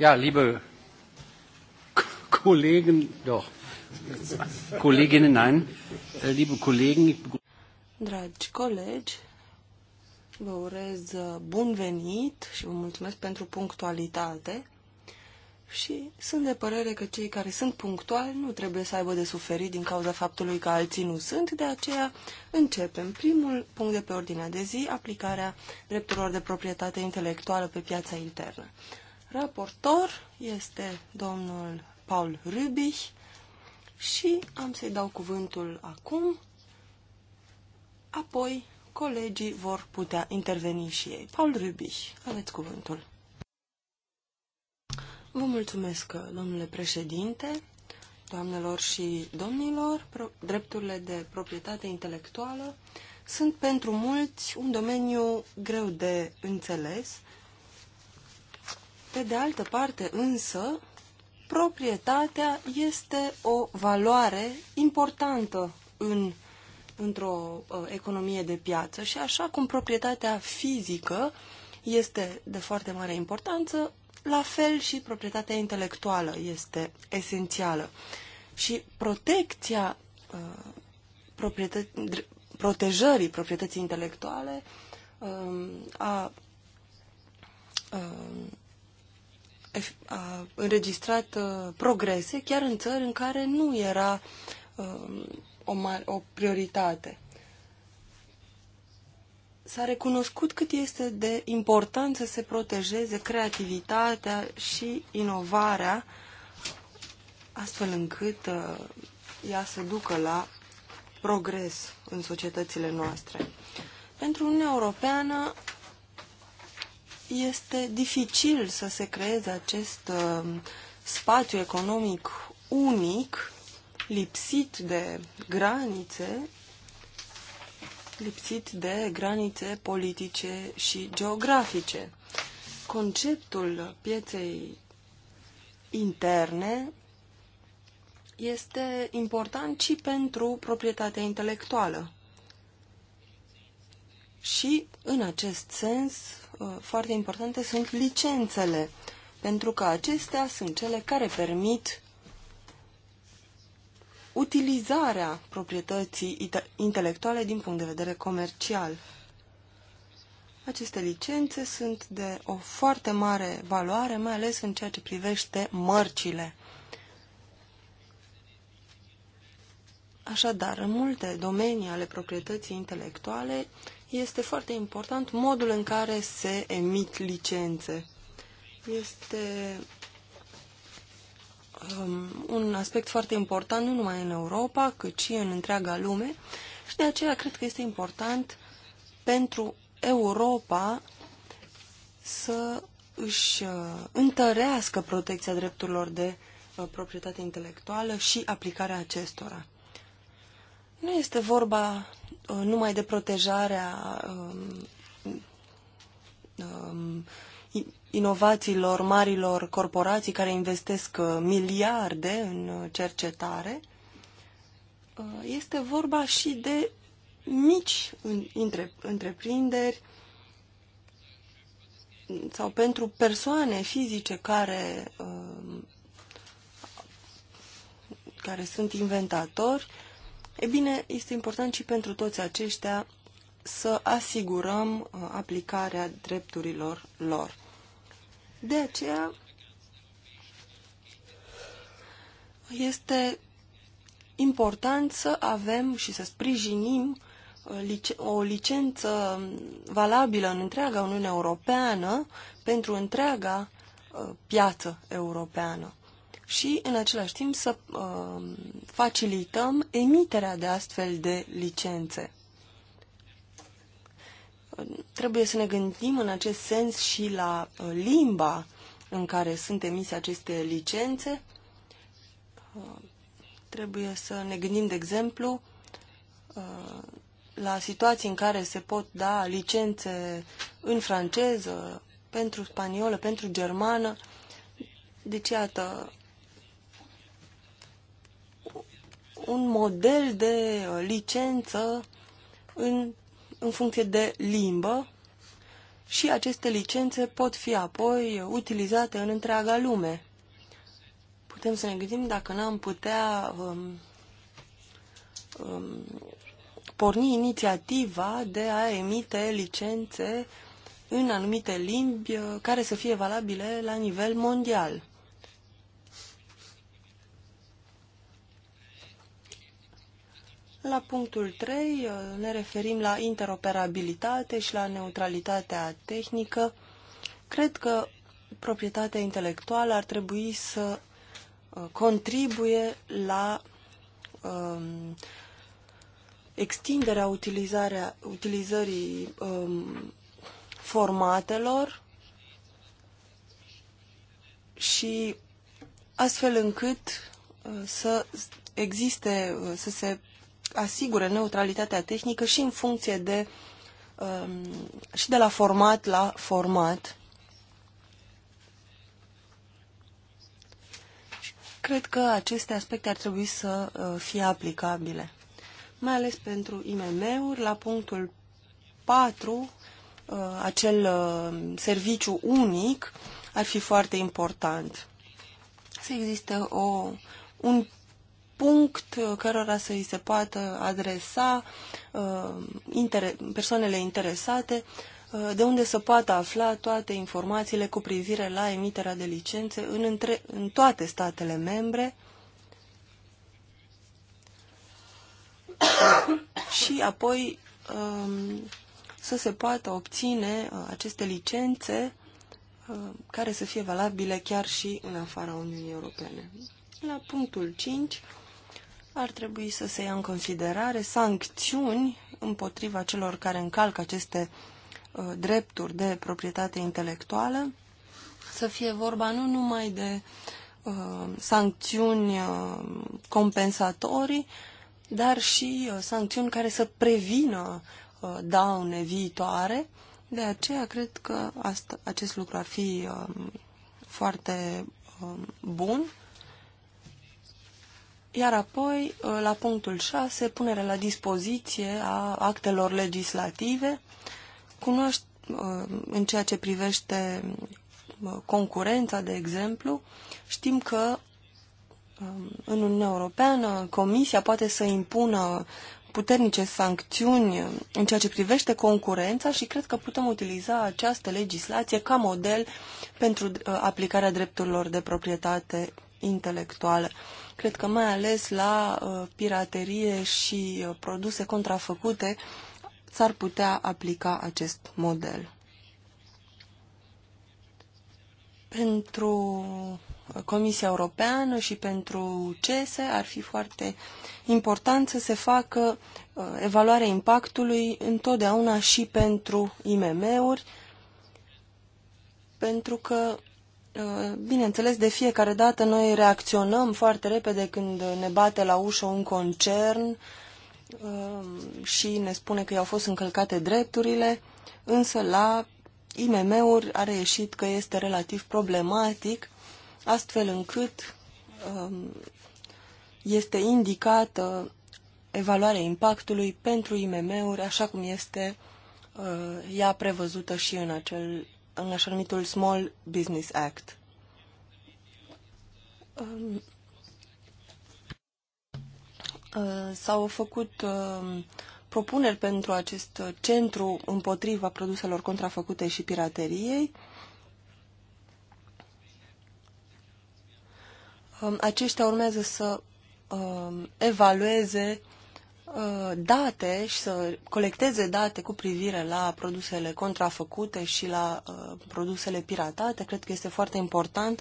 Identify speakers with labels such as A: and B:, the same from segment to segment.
A: Ja, liebe Kollegen, doch, Kolleginnen, nein, äh, liebe Kollegen.
B: Dragi colegi, vă urez uh, bun venit și vă mulțumesc pentru punctualitate și sunt de părere că cei care sunt punctuali nu trebuie să aibă de suferit din cauza faptului că alții nu sunt, de aceea începem. Primul punct de pe ordinea de zi, aplicarea drepturilor de proprietate intelectuală pe piața internă. Raportor este domnul Paul Rübich și am să-i dau cuvântul acum, apoi colegii vor putea interveni și ei. Paul Rübich, aveți cuvântul. Vă mulțumesc, domnule președinte, doamnelor și domnilor. Drepturile de proprietate intelectuală sunt pentru mulți un domeniu greu de înțeles pe de altă parte, însă, proprietatea este o valoare importantă în, într-o ă, economie de piață și așa cum proprietatea fizică este de foarte mare importanță, la fel și proprietatea intelectuală este esențială. Și protecția uh, protejării proprietății intelectuale uh, a uh, a înregistrat uh, progrese chiar în țări în care nu era um, o, o prioritate. S-a recunoscut cât este de important să se protejeze creativitatea și inovarea astfel încât uh, ea să ducă la progres în societățile noastre. Pentru Uniunea Europeană, este dificil să se creeze acest uh, spațiu economic unic, lipsit de granițe, lipsit de granițe politice și geografice. Conceptul pieței interne este important și pentru proprietatea intelectuală. Și, în acest sens, Uh, foarte importante sunt licențele, pentru că acestea sunt cele care permit utilizarea proprietății intelectuale din punct de vedere comercial. Aceste licențe sunt de o foarte mare valoare, mai ales în ceea ce privește mărcile. Așadar, în multe domenii ale proprietății intelectuale, este foarte important modul în care se emit licențe. Este um, un aspect foarte important nu numai în Europa, cât și în întreaga lume și de aceea cred că este important pentru Europa să își uh, întărească protecția drepturilor de uh, proprietate intelectuală și aplicarea acestora. Nu este vorba uh, numai de protejarea um, um, inovațiilor marilor corporații care investesc uh, miliarde în uh, cercetare, este vorba și de mici între, întreprinderi sau pentru persoane fizice care, um, care sunt inventatori, E bine, este important și pentru toți aceștia să asigurăm uh, aplicarea drepturilor lor. De aceea este important să avem și să sprijinim uh, o licență valabilă în întreaga Uniune Europeană pentru întreaga uh, piață europeană și, în același timp, să uh, facilităm emiterea de astfel de licențe. Trebuie să ne gândim în acest sens și la uh, limba în care sunt emise aceste licențe. Uh, trebuie să ne gândim, de exemplu, uh, la situații în care se pot da licențe în franceză, pentru spaniolă, pentru germană. Deci, iată, un model de licență în, în funcție de limbă și aceste licențe pot fi apoi utilizate în întreaga lume. Putem să ne gândim dacă n-am putea um, um, porni inițiativa de a emite licențe în anumite limbi uh, care să fie valabile la nivel mondial. La punctul 3 uh, ne referim la interoperabilitate și la neutralitatea tehnică. Cred că proprietatea intelectuală ar trebui să uh, contribuie la um, extinderea utilizarea, utilizării um, formatelor și astfel încât uh, să existe, să se asigură neutralitatea tehnică și în funcție de um, și de la format la format. Cred că aceste aspecte ar trebui să uh, fie aplicabile, mai ales pentru IMM-uri, la punctul 4, uh, acel uh, serviciu unic ar fi foarte important. Să existe o, un punct uh, cărora să îi se poată adresa uh, inter persoanele interesate, uh, de unde să poată afla toate informațiile cu privire la emiterea de licențe în, între, în toate statele membre și apoi um, să se poată obține aceste licențe care să fie valabile chiar și în afara Uniunii Europene. La punctul 5 ar trebui să se ia în considerare sancțiuni împotriva celor care încalcă aceste uh, drepturi de proprietate intelectuală, să fie vorba nu numai de uh, sancțiuni uh, compensatorii, dar și uh, sancțiuni care să prevină uh, daune viitoare. De aceea cred că asta, acest lucru ar fi uh, foarte uh, bun iar apoi, uh, la punctul 6, punerea la dispoziție a actelor legislative, cunoaște, uh, în ceea ce privește uh, concurența, de exemplu, știm că um, în Uniunea Europeană Comisia poate să impună puternice sancțiuni în ceea ce privește concurența și cred că putem utiliza această legislație ca model pentru aplicarea drepturilor de proprietate intelectuală. Cred că mai ales la uh, piraterie și uh, produse contrafăcute s-ar putea aplica acest model. Pentru Comisia Europeană și pentru CESE ar fi foarte important să se facă uh, evaluarea impactului întotdeauna și pentru IMM-uri, pentru că Uh, bineînțeles, de fiecare dată noi reacționăm foarte repede când ne bate la ușă un concern um, și ne spune că i-au fost încălcate drepturile, însă la IMM-uri a reieșit că este relativ problematic, astfel încât um, este indicată evaluarea impactului pentru IMM-uri, așa cum este uh, ea prevăzută și în acel în așa numitul Small Business Act. Um, uh, s-au făcut um, propuneri pentru acest centru împotriva produselor contrafăcute și pirateriei. Um, aceștia urmează să evalueze uh, Uh, date și să colecteze date cu privire la produsele contrafăcute și la uh, produsele piratate. Cred că este foarte important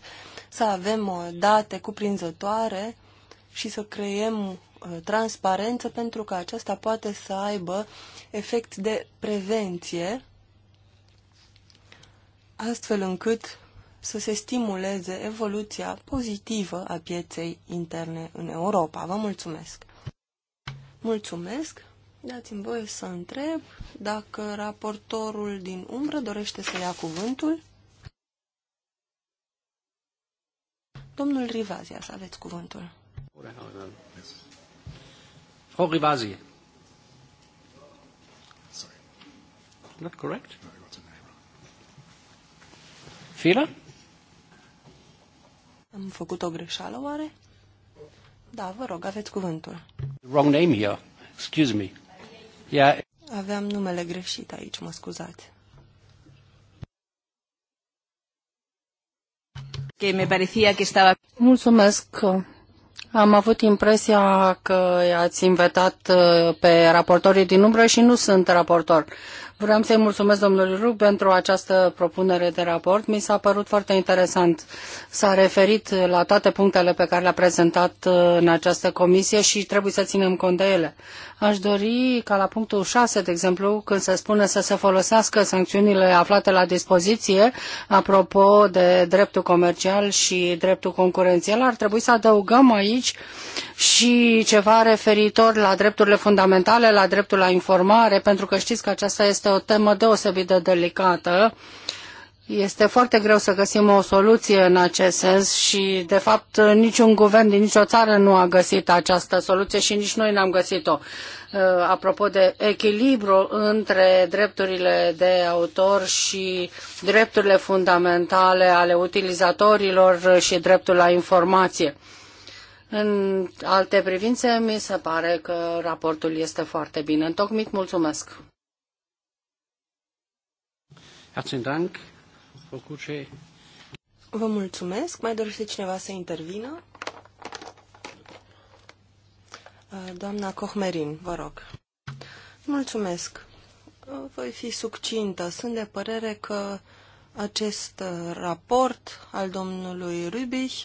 B: să avem uh, date cuprinzătoare și să creăm transparență pentru că aceasta poate să aibă efect de prevenție astfel încât să se stimuleze evoluția pozitivă a pieței interne în Europa. Vă mulțumesc! Mulțumesc. Dați-mi voie să întreb dacă raportorul din umbră dorește să ia cuvântul. Domnul Rivazia, să aveți cuvântul.
A: Frau Rivazia.
B: Not correct? Fila? Am făcut o greșeală, oare? Da, vă rog, aveți cuvântul.
A: Wrong name here. Excuse me. Yeah.
B: Aveam numele greșit aici, mă scuzați. Que me
C: parecía que estaba...
B: Mulțumesc. Am
C: avut impresia că ați invitat uh, pe raportorii din umbră și nu sunt raportor. Vreau să-i mulțumesc domnului Ruc pentru această propunere de raport. Mi s-a părut foarte interesant. S-a referit la toate punctele pe care le-a prezentat uh, în această comisie și trebuie să ținem cont de ele. Aș dori ca la punctul 6, de exemplu, când se spune să se folosească sancțiunile aflate la dispoziție, apropo de dreptul comercial și dreptul concurențial, ar trebui să adăugăm aici și ceva referitor la drepturile fundamentale, la dreptul la informare, pentru că știți că aceasta este este o temă deosebit de delicată. Este foarte greu să găsim o soluție în acest sens și, de fapt, niciun guvern din nicio țară nu a găsit această soluție și nici noi n-am găsit-o. Uh, apropo de echilibru între drepturile de autor și drepturile fundamentale ale utilizatorilor și dreptul la informație. În alte privințe, mi se pare că raportul este foarte bine întocmit. Mulțumesc!
A: Herzlichen Dank, Frau
B: Vă mulțumesc. Mai dorește cineva să intervină? Uh, doamna Cohmerin, vă rog. Mulțumesc. Uh, voi fi succintă. Sunt de părere că acest uh, raport al domnului Rubich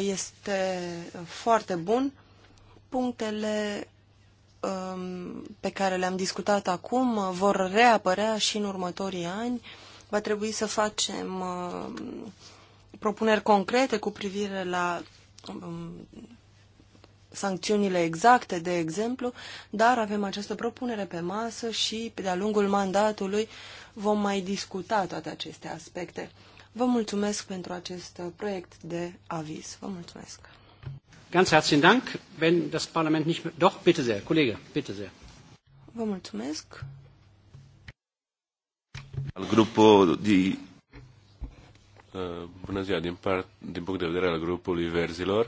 B: este foarte bun. Punctele Um, pe care le-am discutat acum uh, vor reapărea și în următorii ani. Va trebui să facem uh, propuneri concrete cu privire la um, sancțiunile exacte, de exemplu, dar avem această propunere pe masă și de-a lungul mandatului vom mai discuta toate aceste aspecte. Vă mulțumesc pentru acest proiect de aviz. Vă mulțumesc!
A: Ganz herzlichen Dank. Wenn das Parlament nicht mehr... Doch, bitte sehr, Kollege, bitte sehr.
B: Vă mulțumesc.
D: Al grupul de... Uh, bună ziua, din, part, din punct de vedere al grupului verzilor,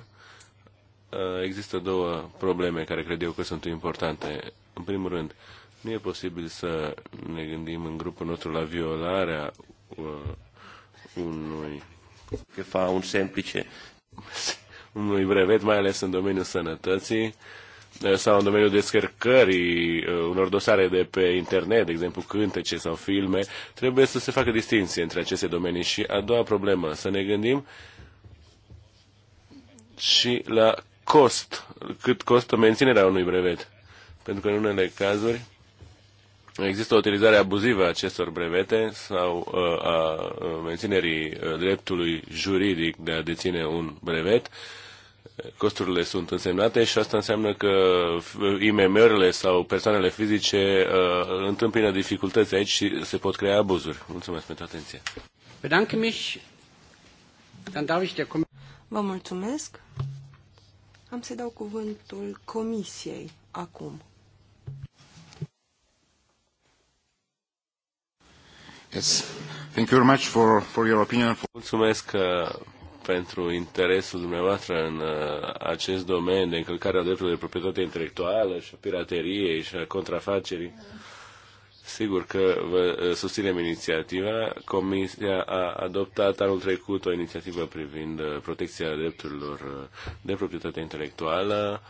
D: uh, există două probleme care cred eu că sunt importante. În primul rând, nu e posibil să ne gândim în grupul nostru la violarea uh, unui... Că fa un semplice unui brevet, mai ales în domeniul sănătății eh, sau în domeniul descărcării eh, unor dosare de pe internet, de exemplu cântece sau filme, trebuie să se facă distinție între aceste domenii. Și a doua problemă, să ne gândim și la cost, cât costă menținerea unui brevet. Pentru că în unele cazuri Există o utilizare abuzivă a acestor brevete sau uh, a uh, menținerii uh, dreptului juridic de a deține un brevet. Costurile sunt însemnate și asta înseamnă că IMM-urile sau persoanele fizice întâmpină dificultăți aici și se pot crea abuzuri. Mulțumesc pentru atenție.
B: Vă mulțumesc. Am să dau cuvântul comisiei acum.
A: Yes. Thank you very much
D: for, for your opinion. Mulțumesc uh, pentru interesul dumneavoastră în uh, acest domeniu de încălcare a dreptului de proprietate intelectuală și a pirateriei și a contrafacerii. Sigur că vă uh, susținem inițiativa. Comisia a adoptat anul trecut o inițiativă privind protecția drepturilor de proprietate intelectuală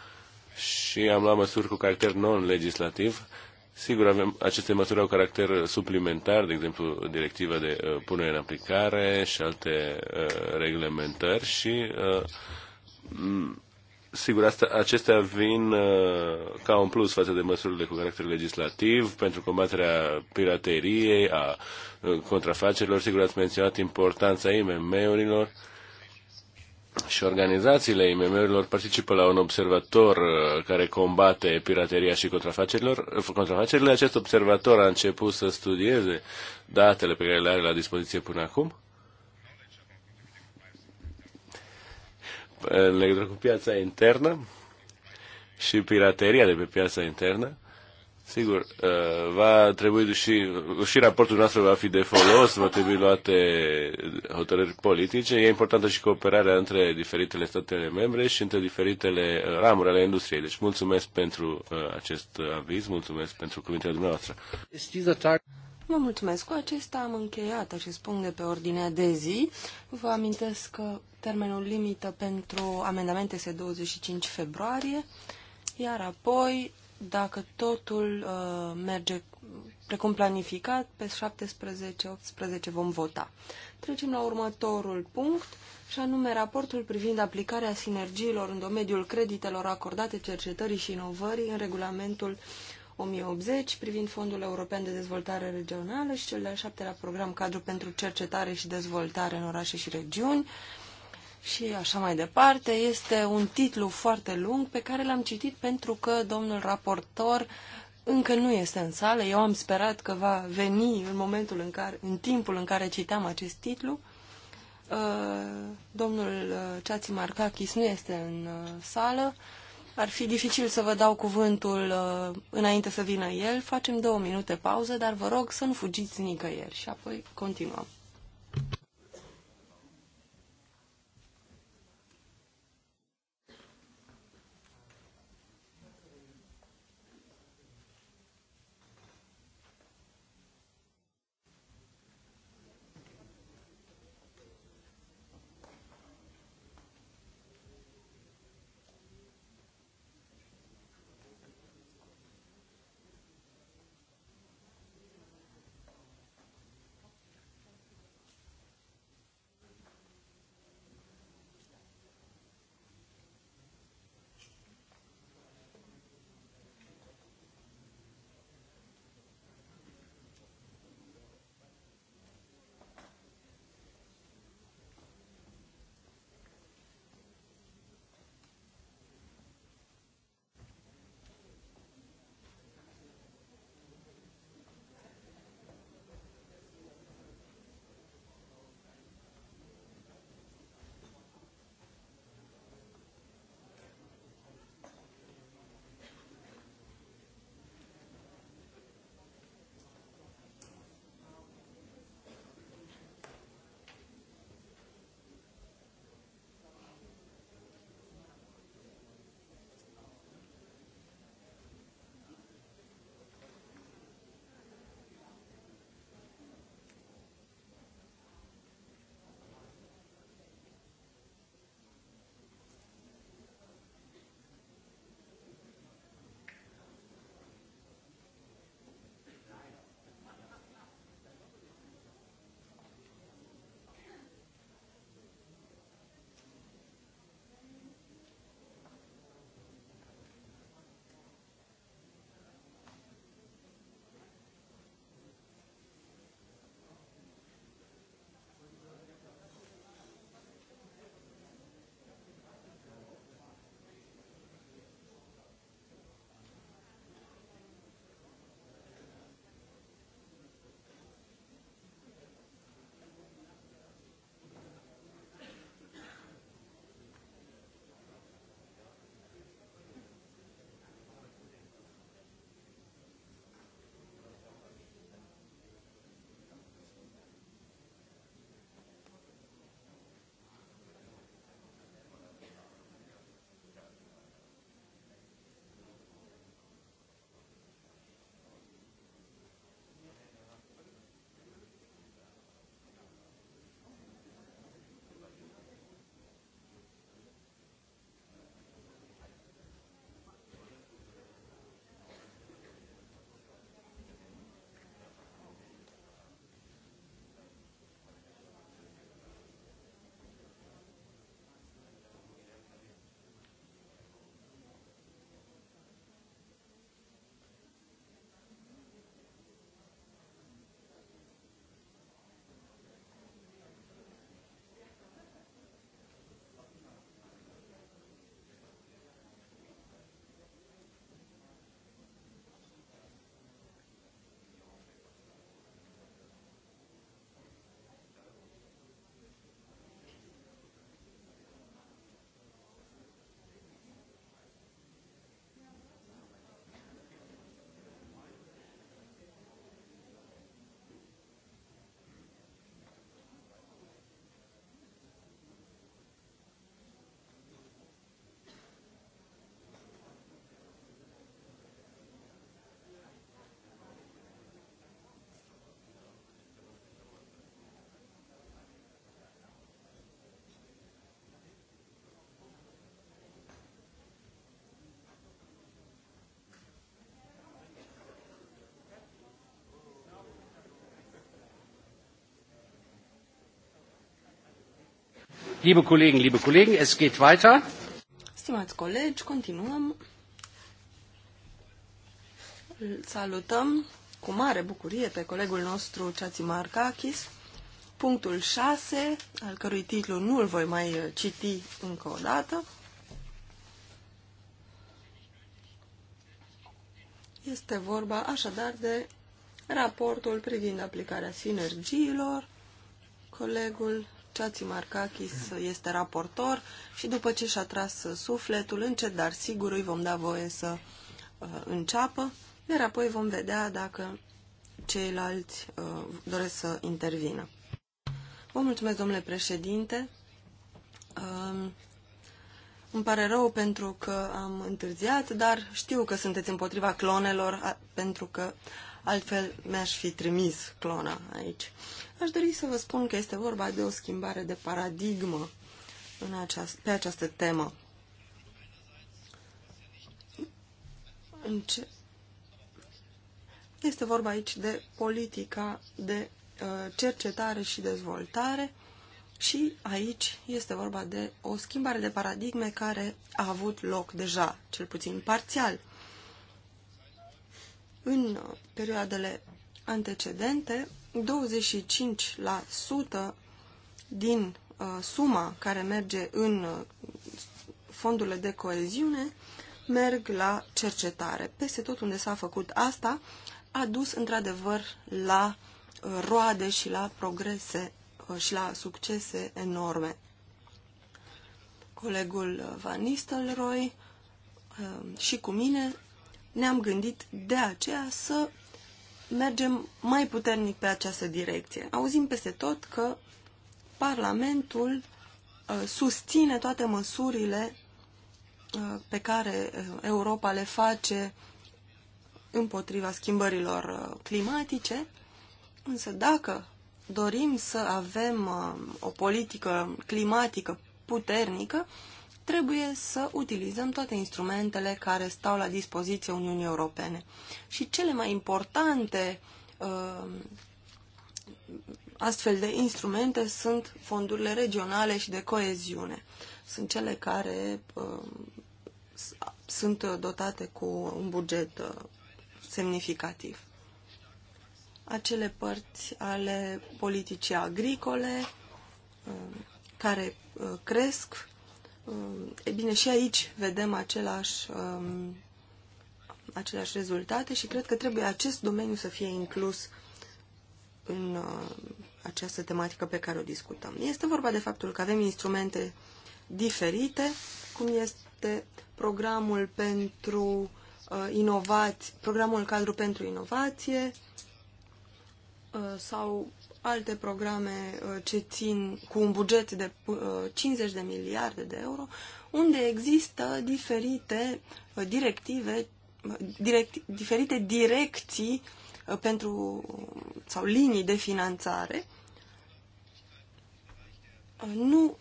D: și am luat măsuri cu caracter non-legislativ Sigur, avem, aceste măsuri au caracter suplimentar, de exemplu, directiva de uh, punere în aplicare și alte uh, reglementări și, uh, sigur, asta, acestea vin uh, ca un plus față de măsurile cu caracter legislativ pentru combaterea pirateriei, a uh, contrafacerilor. Sigur, ați menționat importanța IMM-urilor. Uh, și organizațiile IMM-urilor participă la un observator uh, care combate pirateria și uh, contrafacerile. Acest observator a început să studieze datele pe care le are la dispoziție până acum. În legătură cu piața internă și pirateria de pe piața internă Sigur, uh, va trebui și, și raportul nostru va fi de folos, va trebui luate hotărâri politice. E importantă și cooperarea între diferitele statele membre și între diferitele uh, ramuri ale industriei. Deci mulțumesc pentru uh, acest aviz, mulțumesc pentru cuvintele dumneavoastră.
B: Vă mulțumesc. Cu acesta am încheiat acest punct de pe ordinea de zi. Vă amintesc că termenul limită pentru amendamente este 25 februarie, iar apoi dacă totul uh, merge precum planificat, pe 17-18 vom vota. Trecem la următorul punct, și anume raportul privind aplicarea sinergiilor în domeniul creditelor acordate cercetării și inovării în regulamentul 1080 privind Fondul European de Dezvoltare Regională și cel de-al șaptelea program cadru pentru cercetare și dezvoltare în orașe și regiuni și așa mai departe. Este un titlu foarte lung pe care l-am citit pentru că domnul raportor încă nu este în sală. Eu am sperat că va veni în momentul în care, în timpul în care citeam acest titlu. Uh, domnul uh, Ceații Marcachis nu este în uh, sală. Ar fi dificil să vă dau cuvântul înainte să vină el. Facem două minute pauză, dar vă rog să nu fugiți nicăieri și apoi continuăm.
A: Liebe Kollegen, liebe Kollegen, es geht weiter.
B: Stimați colegi, continuăm. Îl salutăm cu mare bucurie pe colegul nostru Ceați Marcachis, punctul 6, al cărui titlu nu îl voi mai uh, citi încă o dată. Este vorba așadar de raportul privind aplicarea sinergiilor. Colegul Ceații Marcachis este raportor și după ce și-a tras sufletul, încet, dar sigur îi vom da voie să uh, înceapă, iar apoi vom vedea dacă ceilalți uh, doresc să intervină. Vă mulțumesc, domnule președinte. Uh, îmi pare rău pentru că am întârziat, dar știu că sunteți împotriva clonelor, a, pentru că altfel mi-aș fi trimis clona aici. Aș dori să vă spun că este vorba de o schimbare de paradigmă în această, pe această temă. În ce... Este vorba aici de politica de uh, cercetare și dezvoltare și aici este vorba de o schimbare de paradigme care a avut loc deja, cel puțin parțial. În uh, perioadele antecedente, 25% din uh, suma care merge în uh, fondurile de coeziune merg la cercetare. Peste tot unde s-a făcut asta a dus într-adevăr la uh, roade și la progrese uh, și la succese enorme. Colegul uh, Van Nistelrooy uh, și cu mine ne-am gândit de aceea să mergem mai puternic pe această direcție. Auzim peste tot că Parlamentul uh, susține toate măsurile uh, pe care uh, Europa le face împotriva schimbărilor climatice, însă dacă dorim să avem o politică climatică puternică, trebuie să utilizăm toate instrumentele care stau la dispoziția Uniunii Europene. Și cele mai importante uh, astfel de instrumente sunt fondurile regionale și de coeziune. Sunt cele care uh, sunt dotate cu un buget uh, semnificativ. Acele părți ale politicii agricole uh, care uh, cresc Um, e bine, și aici vedem același, um, aceleași rezultate și cred că trebuie acest domeniu să fie inclus în uh, această tematică pe care o discutăm. Este vorba de faptul că avem instrumente diferite, cum este programul pentru uh, inovați, programul cadru pentru inovație uh, sau alte programe uh, ce țin cu un buget de 50 uh, de miliarde de euro, unde există diferite uh, directive, direct, diferite direcții pentru sau linii de finanțare. Nu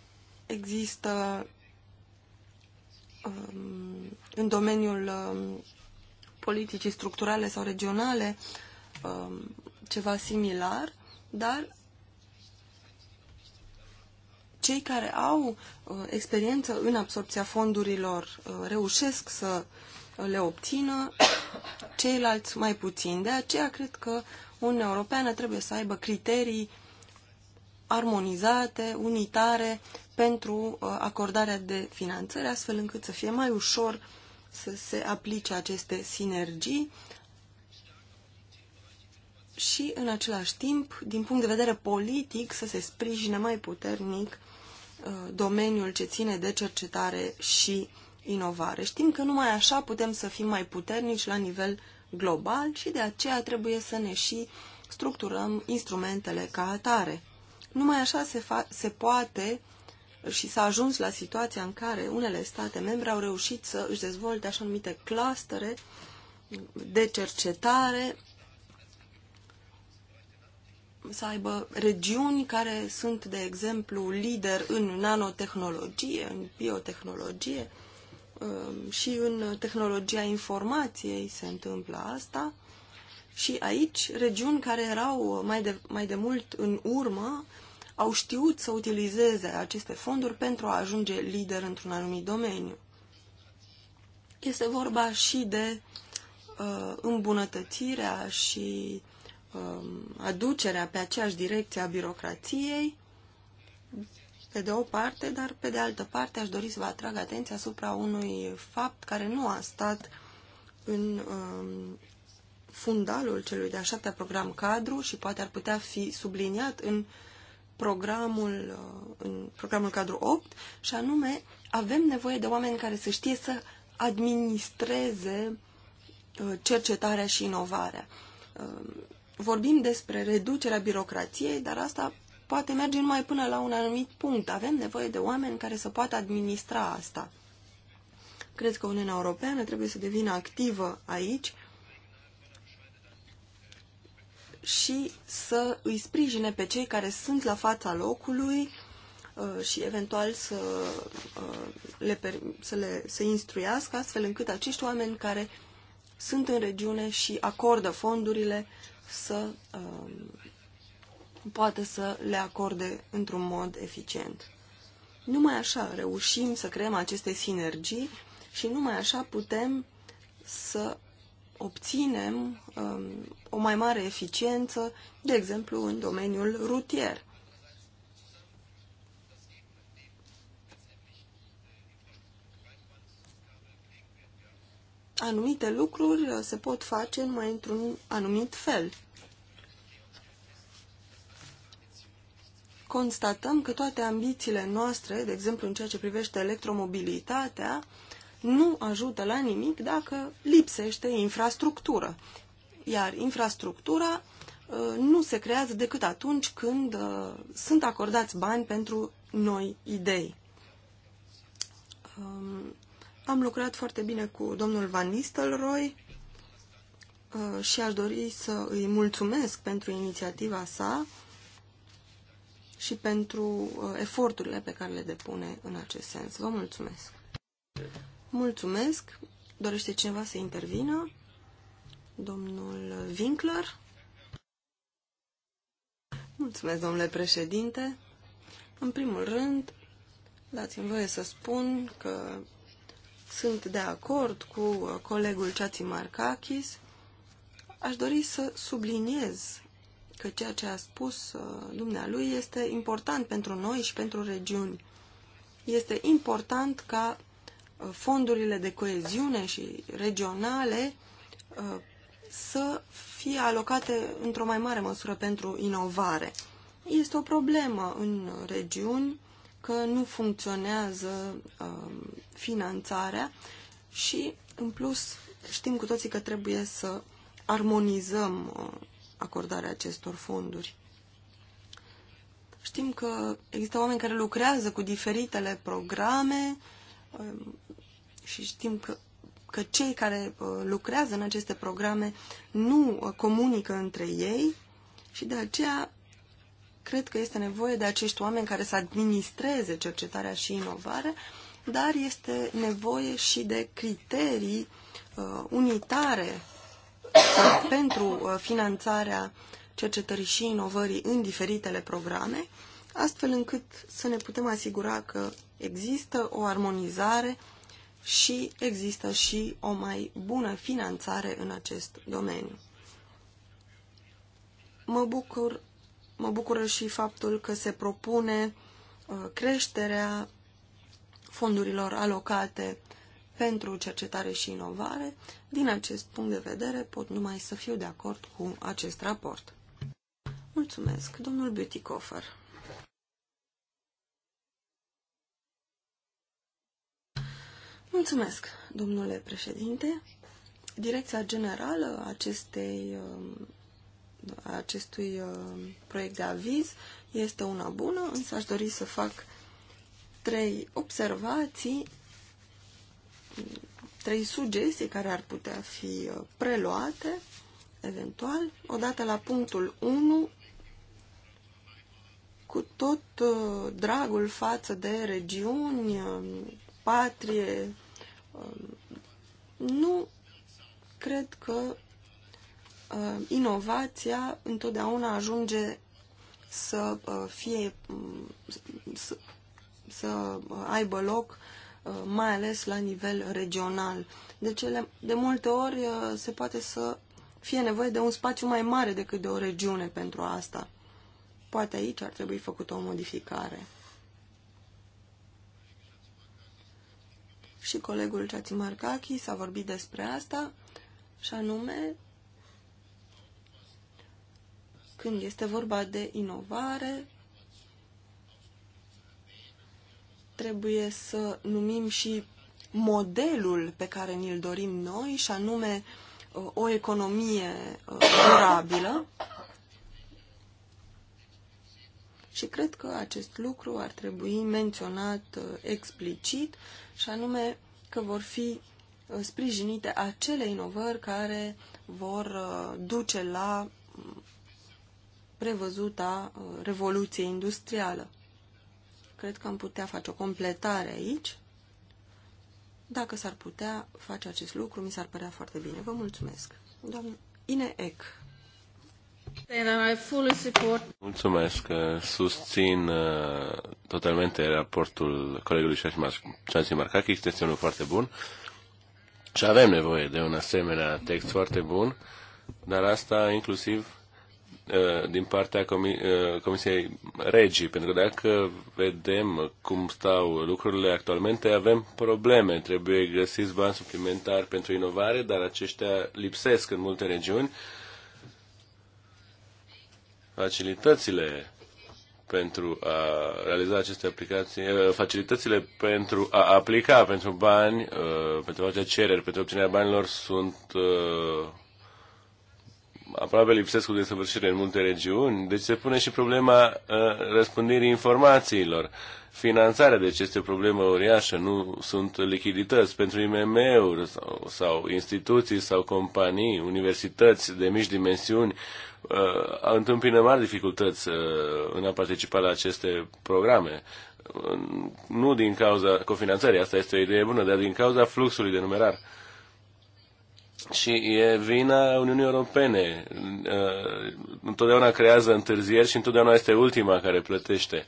B: există um, în domeniul um, politicii structurale sau regionale um, ceva similar dar cei care au uh, experiență în absorpția fondurilor uh, reușesc să uh, le obțină, ceilalți mai puțin. De aceea cred că Uniunea Europeană trebuie să aibă criterii armonizate, unitare pentru acordarea de finanțări, astfel încât să fie mai ușor să se aplice aceste sinergii, și, în același timp, din punct de vedere politic, să se sprijine mai puternic uh, domeniul ce ține de cercetare și inovare. Știm că numai așa putem să fim mai puternici la nivel global și de aceea trebuie să ne și structurăm instrumentele ca atare. Numai așa se, se poate și s-a ajuns la situația în care unele state membre au reușit să își dezvolte așa numite clustere de cercetare să aibă regiuni care sunt, de exemplu, lider în nanotehnologie, în biotehnologie um, și în tehnologia informației se întâmplă asta. Și aici, regiuni care erau mai de, mai de mult în urmă au știut să utilizeze aceste fonduri pentru a ajunge lider într-un anumit domeniu. Este vorba și de uh, îmbunătățirea și Um, aducerea pe aceeași direcție a birocrației, pe de o parte, dar pe de altă parte aș dori să vă atrag atenția asupra unui fapt care nu a stat în um, fundalul celui de-a șaptea program cadru și poate ar putea fi subliniat în programul, uh, în programul cadru 8 și anume avem nevoie de oameni care să știe să administreze uh, cercetarea și inovarea. Um, vorbim despre reducerea birocrației, dar asta poate merge numai până la un anumit punct. Avem nevoie de oameni care să poată administra asta. Cred că Uniunea Europeană trebuie să devină activă aici și să îi sprijine pe cei care sunt la fața locului uh, și eventual să uh, le, să le să instruiască astfel încât acești oameni care sunt în regiune și acordă fondurile să um, poată să le acorde într-un mod eficient. Numai așa reușim să creăm aceste sinergii și numai așa putem să obținem um, o mai mare eficiență, de exemplu, în domeniul rutier. anumite lucruri uh, se pot face numai într-un anumit fel. Constatăm că toate ambițiile noastre, de exemplu în ceea ce privește electromobilitatea, nu ajută la nimic dacă lipsește infrastructură. Iar infrastructura uh, nu se creează decât atunci când uh, sunt acordați bani pentru noi idei um, am lucrat foarte bine cu domnul Van Nistelrooy uh, și aș dori să îi mulțumesc pentru inițiativa sa și pentru uh, eforturile pe care le depune în acest sens. Vă mulțumesc! Mulțumesc! Dorește cineva să intervină? Domnul Winkler? Mulțumesc, domnule președinte! În primul rând, dați-mi voie să spun că sunt de acord cu uh, colegul Ceații Marcachis. Aș dori să subliniez că ceea ce a spus uh, dumnealui este important pentru noi și pentru regiuni. Este important ca uh, fondurile de coeziune și regionale să fie alocate într-o mai mare măsură pentru inovare. Este o problemă în regiuni că nu funcționează uh, finanțarea și, în plus, știm cu toții că trebuie să armonizăm uh, acordarea acestor fonduri. Știm că există oameni care lucrează cu diferitele programe um, și știm că, că cei care uh, lucrează în aceste programe nu uh, comunică între ei și de aceea Cred că este nevoie de acești oameni care să administreze cercetarea și inovare, dar este nevoie și de criterii uh, unitare uh, pentru uh, finanțarea cercetării și inovării în diferitele programe, astfel încât să ne putem asigura că există o armonizare și există și o mai bună finanțare în acest domeniu. Mă bucur Mă bucură și faptul că se propune uh, creșterea fondurilor alocate pentru cercetare și inovare. Din acest punct de vedere, pot numai să fiu de acord cu acest raport. Mulțumesc, domnul Butikofer. Mulțumesc, domnule președinte. Direcția generală acestei um, acestui uh, proiect de aviz este una bună, însă aș dori să fac trei observații, trei sugestii care ar putea fi uh, preluate, eventual, odată la punctul 1, cu tot uh, dragul față de regiuni, patrie, nu cred că Uh, inovația întotdeauna ajunge să uh, fie mm, să, să uh, aibă loc mai ales la nivel regional. De, deci, cele, de multe ori se poate să fie nevoie de un spațiu mai mare decât de o regiune pentru asta. Poate aici ar trebui făcută o modificare. Și colegul Ceațimarcachi s-a vorbit despre asta, și anume când este vorba de inovare, trebuie să numim și modelul pe care ni-l dorim noi, și anume uh, o economie uh, durabilă. Și cred că acest lucru ar trebui menționat uh, explicit, și anume că vor fi sprijinite acele inovări care vor duce la prevăzut a uh, revoluției industrială. Cred că am putea face o completare aici. Dacă s-ar putea face acest lucru, mi s-ar părea foarte bine. Vă mulțumesc. Doamne Ine Ec.
D: Mulțumesc. Uh, susțin uh, totalmente raportul colegului Șansi Marcachis. Este unul foarte bun. Și avem nevoie de un asemenea text foarte bun, dar asta inclusiv Uh, din partea uh, Comisiei Regii, pentru că dacă vedem cum stau lucrurile actualmente, avem probleme. Trebuie găsiți bani suplimentari pentru inovare, dar aceștia lipsesc în multe regiuni. Facilitățile pentru a realiza aceste aplicații, uh, facilitățile pentru a aplica pentru bani, pentru a face cereri, pentru obținerea banilor sunt aproape lipsesc cu desăvârșire în multe regiuni, deci se pune și problema uh, răspândirii informațiilor. Finanțarea, deci, este o problemă uriașă, nu sunt lichidități pentru IMM-uri sau, sau instituții sau companii, universități de mici dimensiuni, uh, întâmpină mari dificultăți uh, în a participa la aceste programe. Uh, nu din cauza cofinanțării, asta este o idee bună, dar din cauza fluxului de numerar. Uh, și e vina Uniunii Europene. Uh, întotdeauna creează întârzieri și întotdeauna este ultima care plătește.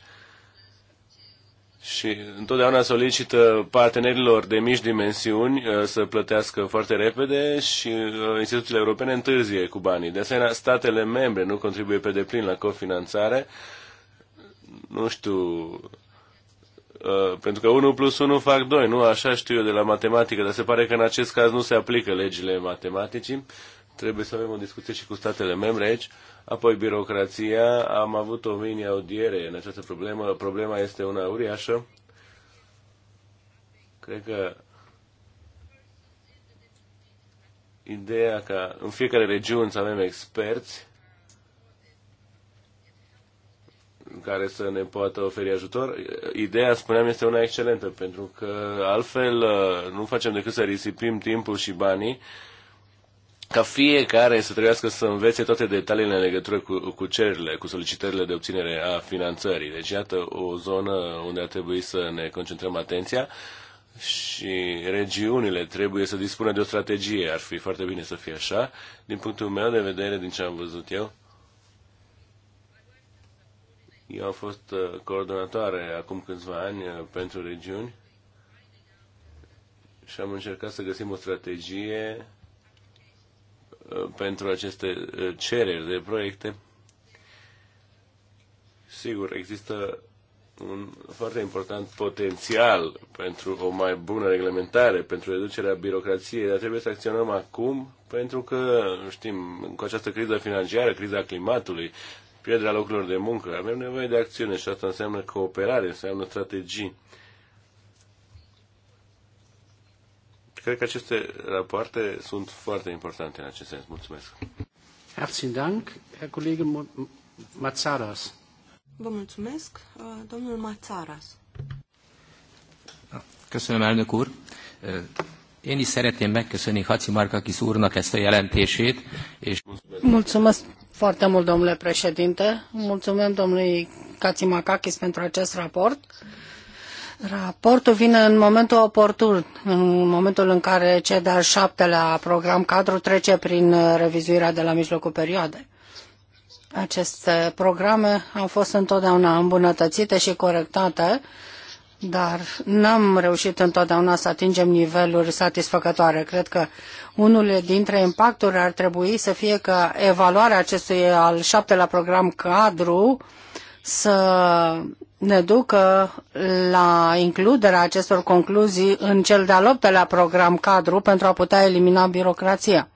D: Și întotdeauna solicită partenerilor de mici dimensiuni uh, să plătească foarte repede și uh, instituțiile europene întârzie cu banii. De asemenea, statele membre nu contribuie pe deplin la cofinanțare. Nu știu Uh, pentru că 1 plus 1 fac 2, nu? Așa știu eu de la matematică, dar se pare că în acest caz nu se aplică legile matematicii. Trebuie să avem o discuție și cu statele membre aici. Apoi, birocrația. Am avut o mini-audiere în această problemă. Problema este una uriașă. Cred că ideea ca în fiecare regiune să avem experți care să ne poată oferi ajutor. Ideea, spuneam, este una excelentă, pentru că altfel uh, nu facem decât să risipim timpul și banii ca fiecare să trebuiască să învețe toate detaliile în legătură cu, cu cererile, cu solicitările de obținere a finanțării. Deci, iată o zonă unde ar trebui să ne concentrăm atenția și regiunile trebuie să dispună de o strategie. Ar fi foarte bine să fie așa. Din punctul meu de vedere, din ce am văzut eu, eu am fost uh, coordonatoare acum câțiva ani uh, pentru regiuni și am încercat să găsim o strategie uh, pentru aceste cereri de proiecte. Sigur, există un foarte important potențial pentru o mai bună reglementare, pentru reducerea birocrației, dar trebuie să acționăm acum pentru că, știm, cu această criză financiară, criza climatului, pierderea locurilor de muncă. Avem nevoie de acțiune și asta înseamnă cooperare, înseamnă strategii. Cred că aceste rapoarte sunt foarte importante în acest sens. Mulțumesc.
A: Herzlichen Dank, Herr Kollege Matsaras.
B: Vă mulțumesc, uh, domnul Matsaras. Da, köszönöm, elnök úr. Én is szeretném megköszönni Haci marca úrnak ezt a jelentését. És...
C: Mulțumesc, foarte mult, domnule președinte. Mulțumim domnului Katsimakakis pentru acest raport. Raportul vine în momentul oportun, în momentul în care cel de-al șaptelea program cadru trece prin revizuirea de la mijlocul perioadei. Aceste programe au fost întotdeauna îmbunătățite și corectate dar n-am reușit întotdeauna să atingem niveluri satisfăcătoare. Cred că unul dintre impacturi ar trebui să fie că evaluarea acestui al șaptelea program cadru să ne ducă la includerea acestor concluzii în cel de-al optelea program cadru pentru a putea elimina birocrația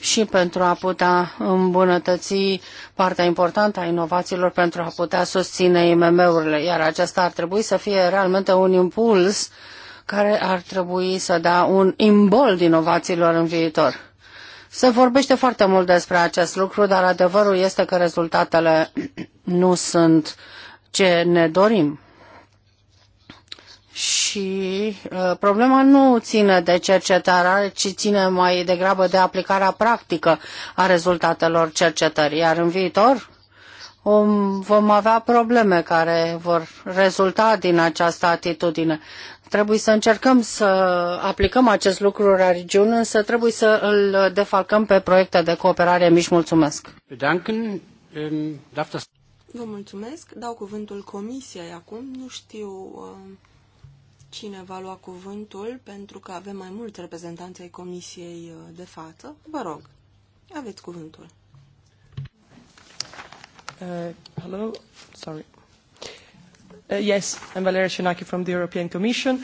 C: și pentru a putea îmbunătăți partea importantă a inovațiilor pentru a putea susține IMM-urile, iar aceasta ar trebui să fie realmente un impuls care ar trebui să dea un imbold inovațiilor în viitor. Se vorbește foarte mult despre acest lucru, dar adevărul este că rezultatele nu sunt ce ne dorim și uh, problema nu ține de cercetare, ci ține mai degrabă de aplicarea practică a rezultatelor cercetării. Iar în viitor um, vom avea probleme care vor rezulta din această atitudine. Trebuie să încercăm să aplicăm acest lucru la regiune, însă trebuie să îl defalcăm pe proiecte de cooperare
A: mici. Mulțumesc! Ehm,
B: Vă mulțumesc. Dau cuvântul comisiei acum. Nu știu uh, cine va lua cuvântul, pentru că avem mai mulți reprezentanți ai comisiei uh, de față. Vă rog, aveți cuvântul. Uh, hello, sorry.
C: Uh, yes, I'm Valeria Shinaki from the European Commission.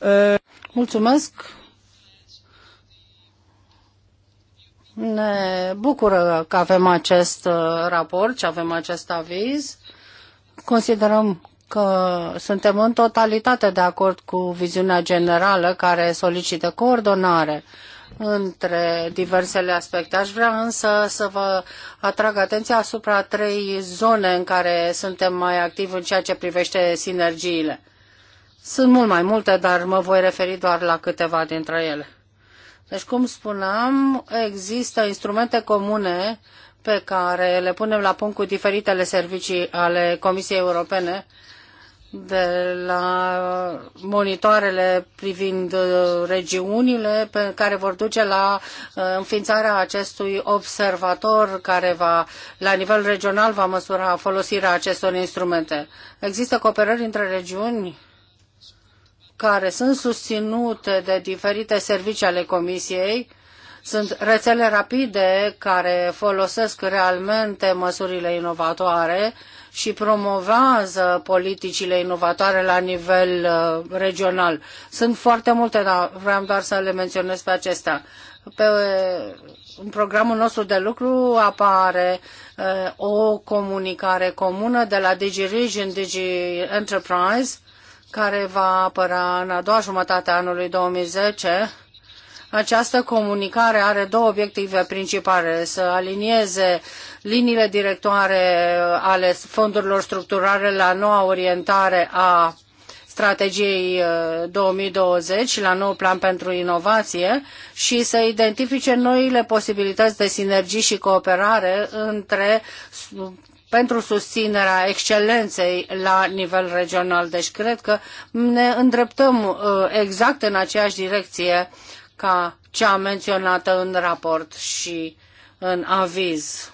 C: Uh... Mulțumesc. Ne bucură că avem acest uh, raport că avem acest aviz. Considerăm că suntem în totalitate de acord cu viziunea generală care solicită coordonare între diversele aspecte. Aș vrea însă să vă atrag atenția asupra trei zone în care suntem mai activi în ceea ce privește sinergiile. Sunt mult mai multe, dar mă voi referi doar la câteva dintre ele. Deci, cum spuneam, există instrumente comune pe care le punem la punct cu diferitele servicii ale Comisiei Europene de la monitoarele privind uh, regiunile pe care vor duce la uh, înființarea acestui observator care va, la nivel regional, va măsura folosirea acestor instrumente. Există cooperări între regiuni care sunt susținute de diferite servicii ale Comisiei, sunt rețele rapide care folosesc realmente măsurile inovatoare, și promovează politicile inovatoare la nivel uh, regional. Sunt foarte multe, dar vreau doar să le menționez pe acestea. Pe, uh, în programul nostru de lucru apare uh, o comunicare comună de la DigiRegion, Digi Enterprise, care va apăra în a doua jumătate a anului 2010 această comunicare are două obiective principale, să alinieze liniile directoare ale fondurilor structurale la noua orientare a strategiei 2020 uh, la nou plan pentru inovație și să identifice noile posibilități de sinergii și cooperare între pentru susținerea excelenței la nivel regional. Deci cred că ne îndreptăm uh, exact în aceeași direcție ca cea menționată în raport și în aviz.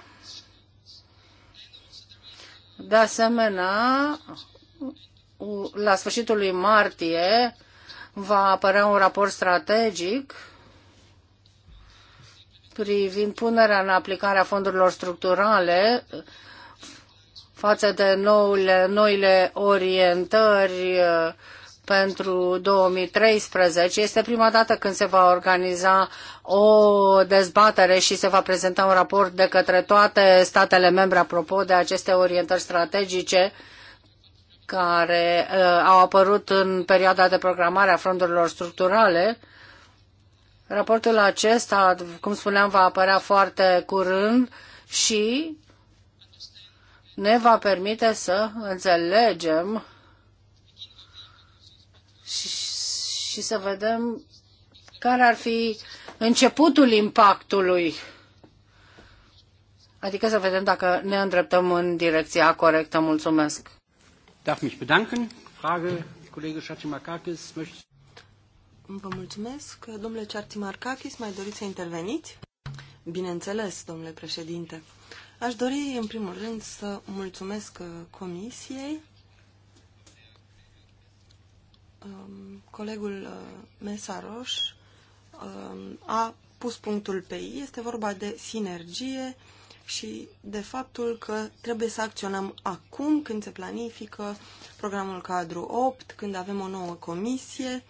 C: De asemenea, la sfârșitul lui martie va apărea un raport strategic privind punerea în aplicare a fondurilor structurale față de noile, noile orientări pentru 2013. Este prima dată când se va organiza o dezbatere și se va prezenta un raport de către toate statele membre apropo de aceste orientări strategice care uh, au apărut în perioada de programare a fondurilor structurale. Raportul acesta, cum spuneam, va apărea foarte curând și ne va permite să înțelegem și, și să vedem care ar fi începutul impactului. Adică să vedem dacă ne îndreptăm în direcția corectă. Mulțumesc.
A: Darf mich bedanken. Frage, Kollege Schatzimarkakis, möchte...
B: Vă mulțumesc. Domnule Ciartimarcakis, mai doriți să interveniți? Bineînțeles, domnule președinte. Aș dori, în primul rând, să mulțumesc uh, comisiei um, colegul uh, Mesaroș um, a pus punctul pe i. Este vorba de sinergie și de faptul că trebuie să acționăm acum când se planifică programul cadru 8, când avem o nouă comisie,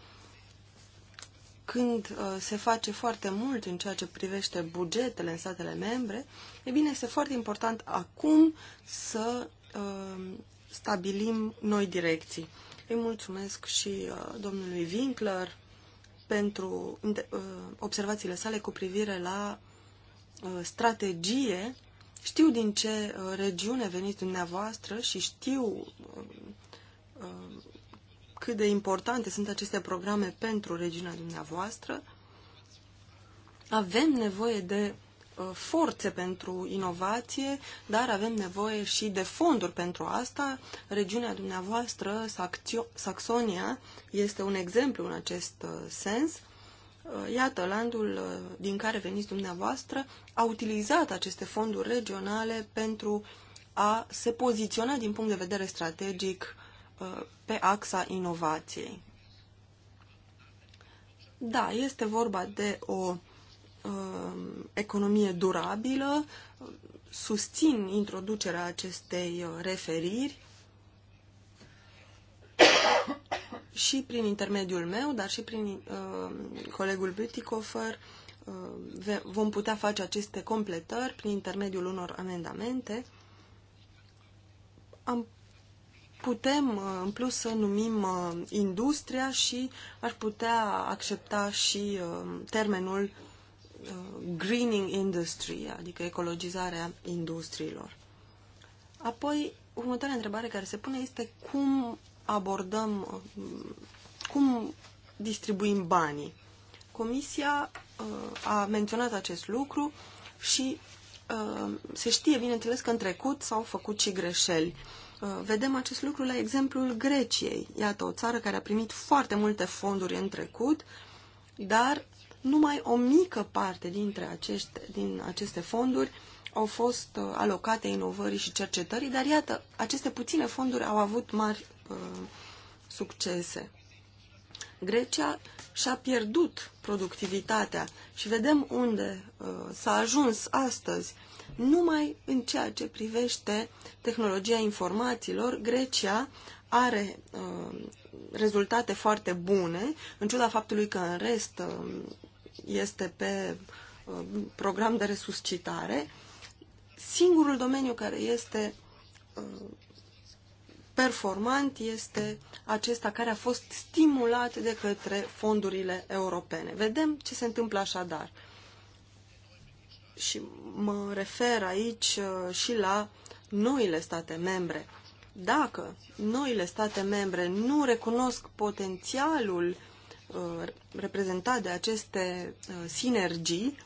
B: când uh, se face foarte mult în ceea ce privește bugetele în statele membre, e bine, este foarte important acum să uh, stabilim noi direcții. Îi mulțumesc și uh, domnului Winkler pentru uh, observațiile sale cu privire la uh, strategie. Știu din ce regiune veniți dumneavoastră și știu cât de importante sunt aceste programe pentru regiunea dumneavoastră. Avem nevoie de forțe pentru inovație, dar avem nevoie și de fonduri pentru asta. Regiunea dumneavoastră, Saxonia, este un exemplu în acest uh, sens. Uh, iată, landul uh, din care veniți dumneavoastră a utilizat aceste fonduri regionale pentru a se poziționa din punct de vedere strategic pe axa inovației. Da, este vorba de o Um, economie durabilă, susțin introducerea acestei uh, referiri și prin intermediul meu, dar și prin uh, colegul Bütikofer uh, vom putea face aceste completări prin intermediul unor amendamente. Am, putem, uh, în plus, să numim uh, industria și ar putea accepta și uh, termenul Uh, greening industry, adică ecologizarea industriilor. Apoi, următoarea întrebare care se pune este cum abordăm, uh, cum distribuim banii. Comisia uh, a menționat acest lucru și se știe, bineînțeles, că în trecut s-au făcut și greșeli. Vedem acest lucru la exemplul Greciei. Iată, o țară care a primit foarte multe fonduri în trecut, dar numai o mică parte dintre acești, din aceste fonduri au fost uh, alocate inovării și cercetării, dar iată, aceste puține fonduri au avut mari uh, succese. Grecia și-a pierdut productivitatea și vedem unde uh, s-a ajuns astăzi. Numai în ceea ce privește tehnologia informațiilor, Grecia are uh, rezultate foarte bune, în ciuda faptului că în rest uh, este pe uh, program de resuscitare, singurul domeniu care este uh, performant este acesta care a fost stimulat de către fondurile europene. Vedem ce se întâmplă așadar. Și mă refer aici uh, și la noile state membre. Dacă noile state membre nu recunosc potențialul Uh, reprezentat de aceste uh, sinergii,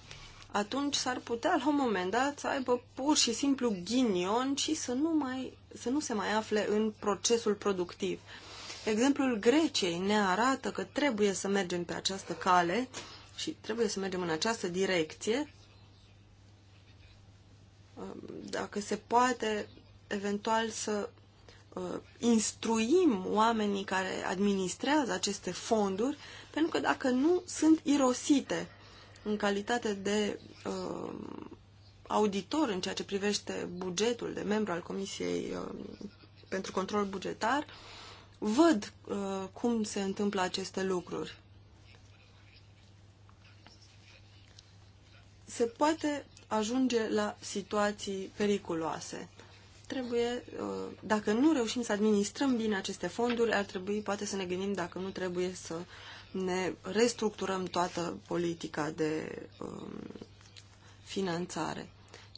B: atunci s-ar putea la un moment dat să aibă pur și simplu ghinion și să nu, mai, să nu se mai afle în procesul productiv. Exemplul Greciei ne arată că trebuie să mergem pe această cale și trebuie să mergem în această direcție. Um, dacă se poate, eventual să Uh, instruim oamenii care administrează aceste fonduri, pentru că dacă nu, sunt irosite în calitate de uh, auditor în ceea ce privește bugetul de membru al Comisiei uh, pentru Control Bugetar, văd uh, cum se întâmplă aceste lucruri. Se poate ajunge la situații periculoase trebuie, uh, dacă nu reușim să administrăm bine aceste fonduri, ar trebui poate să ne gândim dacă nu trebuie să ne restructurăm toată politica de um, finanțare.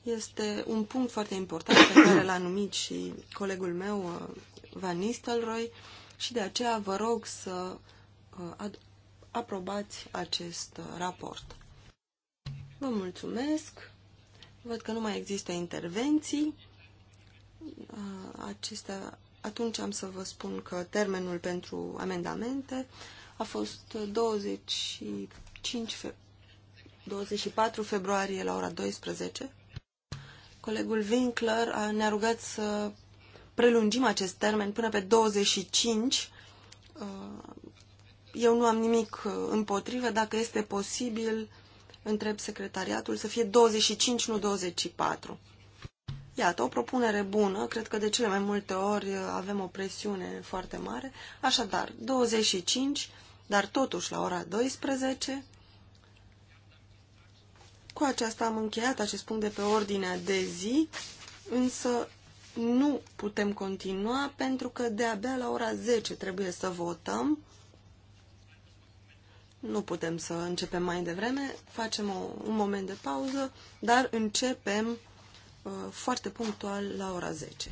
B: Este un punct foarte important pe care l-a numit și colegul meu, uh, Van Nistelrooy, și de aceea vă rog să uh, aprobați acest raport. Vă mulțumesc! Văd că nu mai există intervenții acestea, atunci am să vă spun că termenul pentru amendamente a fost 25 fe 24 februarie la ora 12. Colegul Winkler ne-a rugat să prelungim acest termen până pe 25. Eu nu am nimic împotrivă, dacă este posibil, întreb secretariatul, să fie 25, nu 24. Iată, o propunere bună, cred că de cele mai multe ori avem o presiune foarte mare. Așadar, 25, dar totuși la ora 12. Cu aceasta am încheiat acest punct de pe ordinea de zi, însă nu putem continua pentru că de-abia la ora 10 trebuie să votăm. Nu putem să începem mai devreme, facem o, un moment de pauză, dar începem Uh, foarte punctual la ora 10.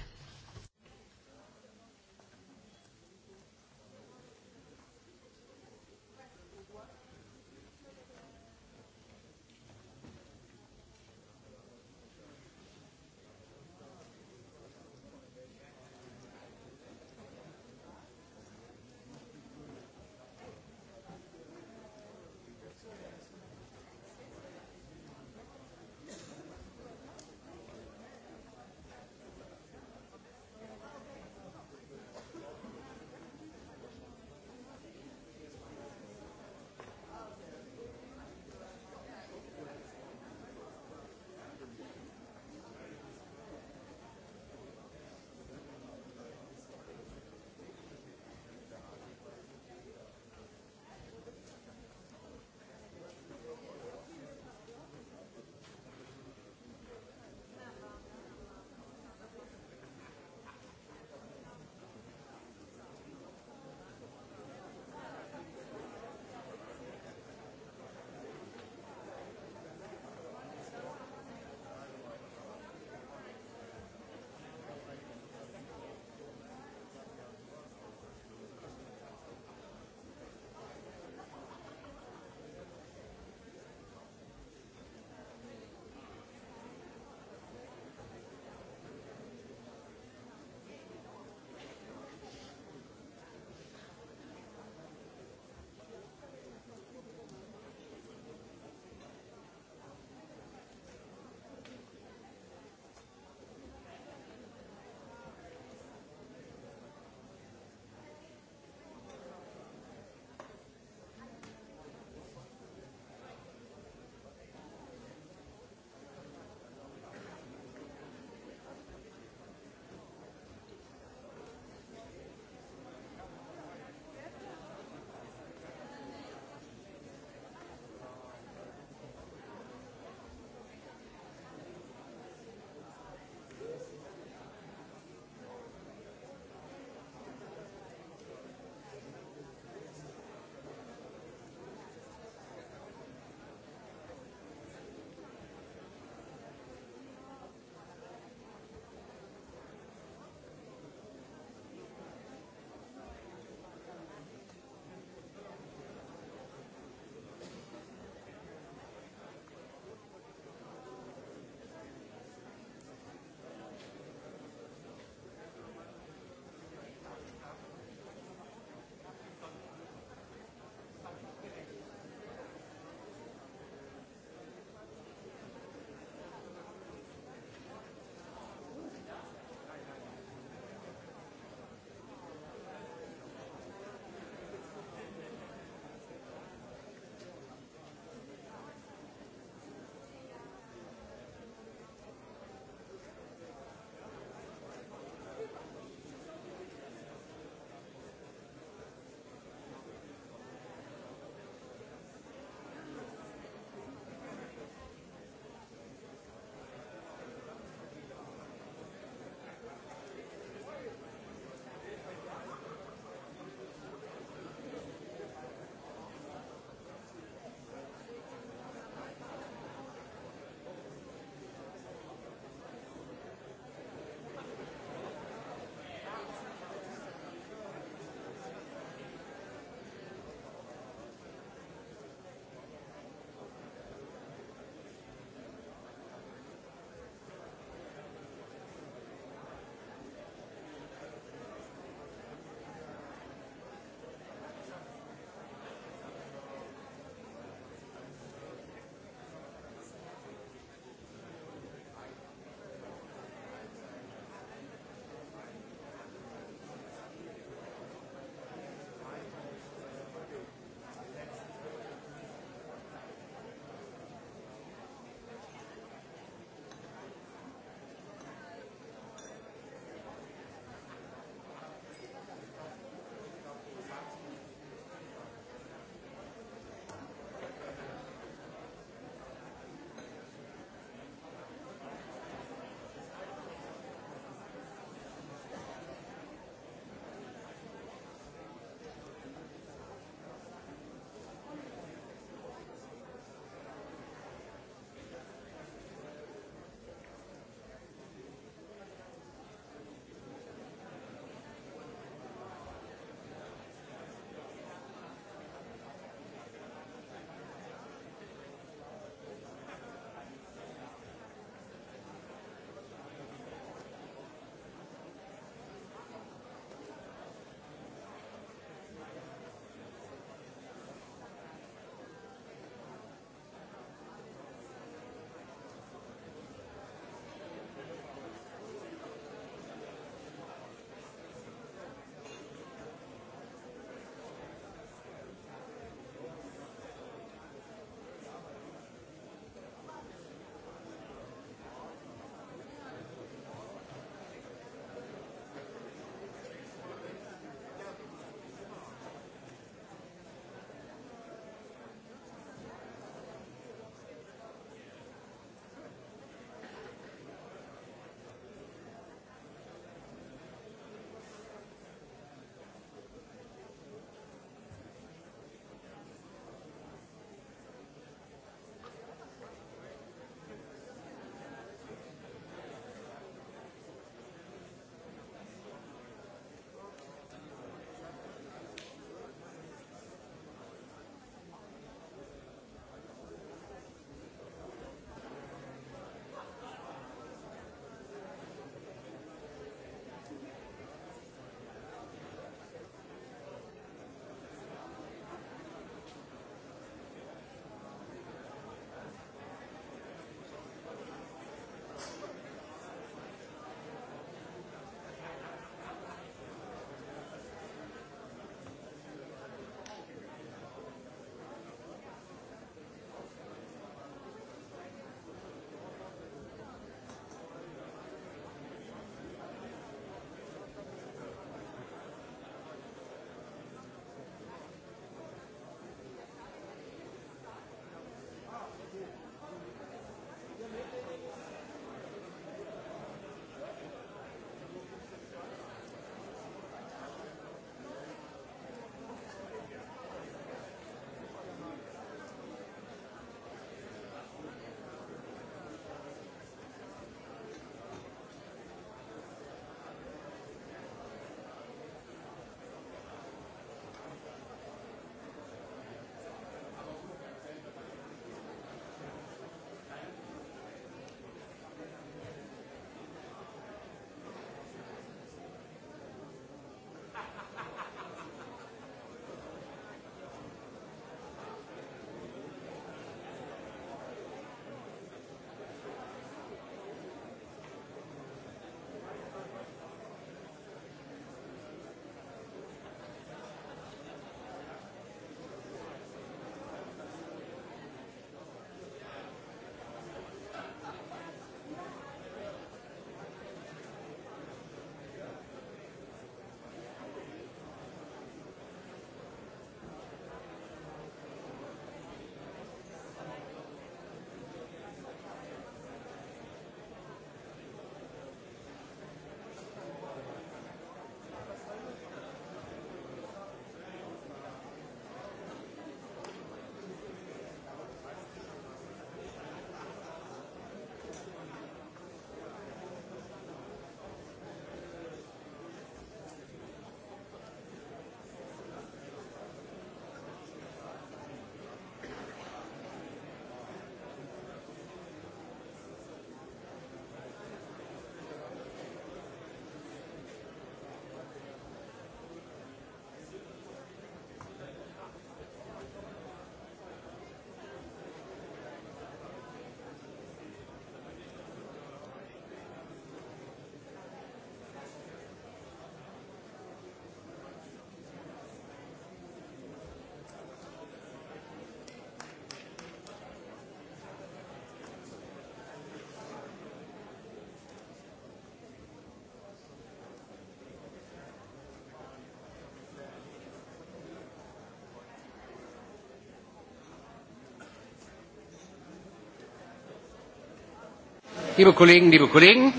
A: Liebe Kollegen, liebe Kollegen,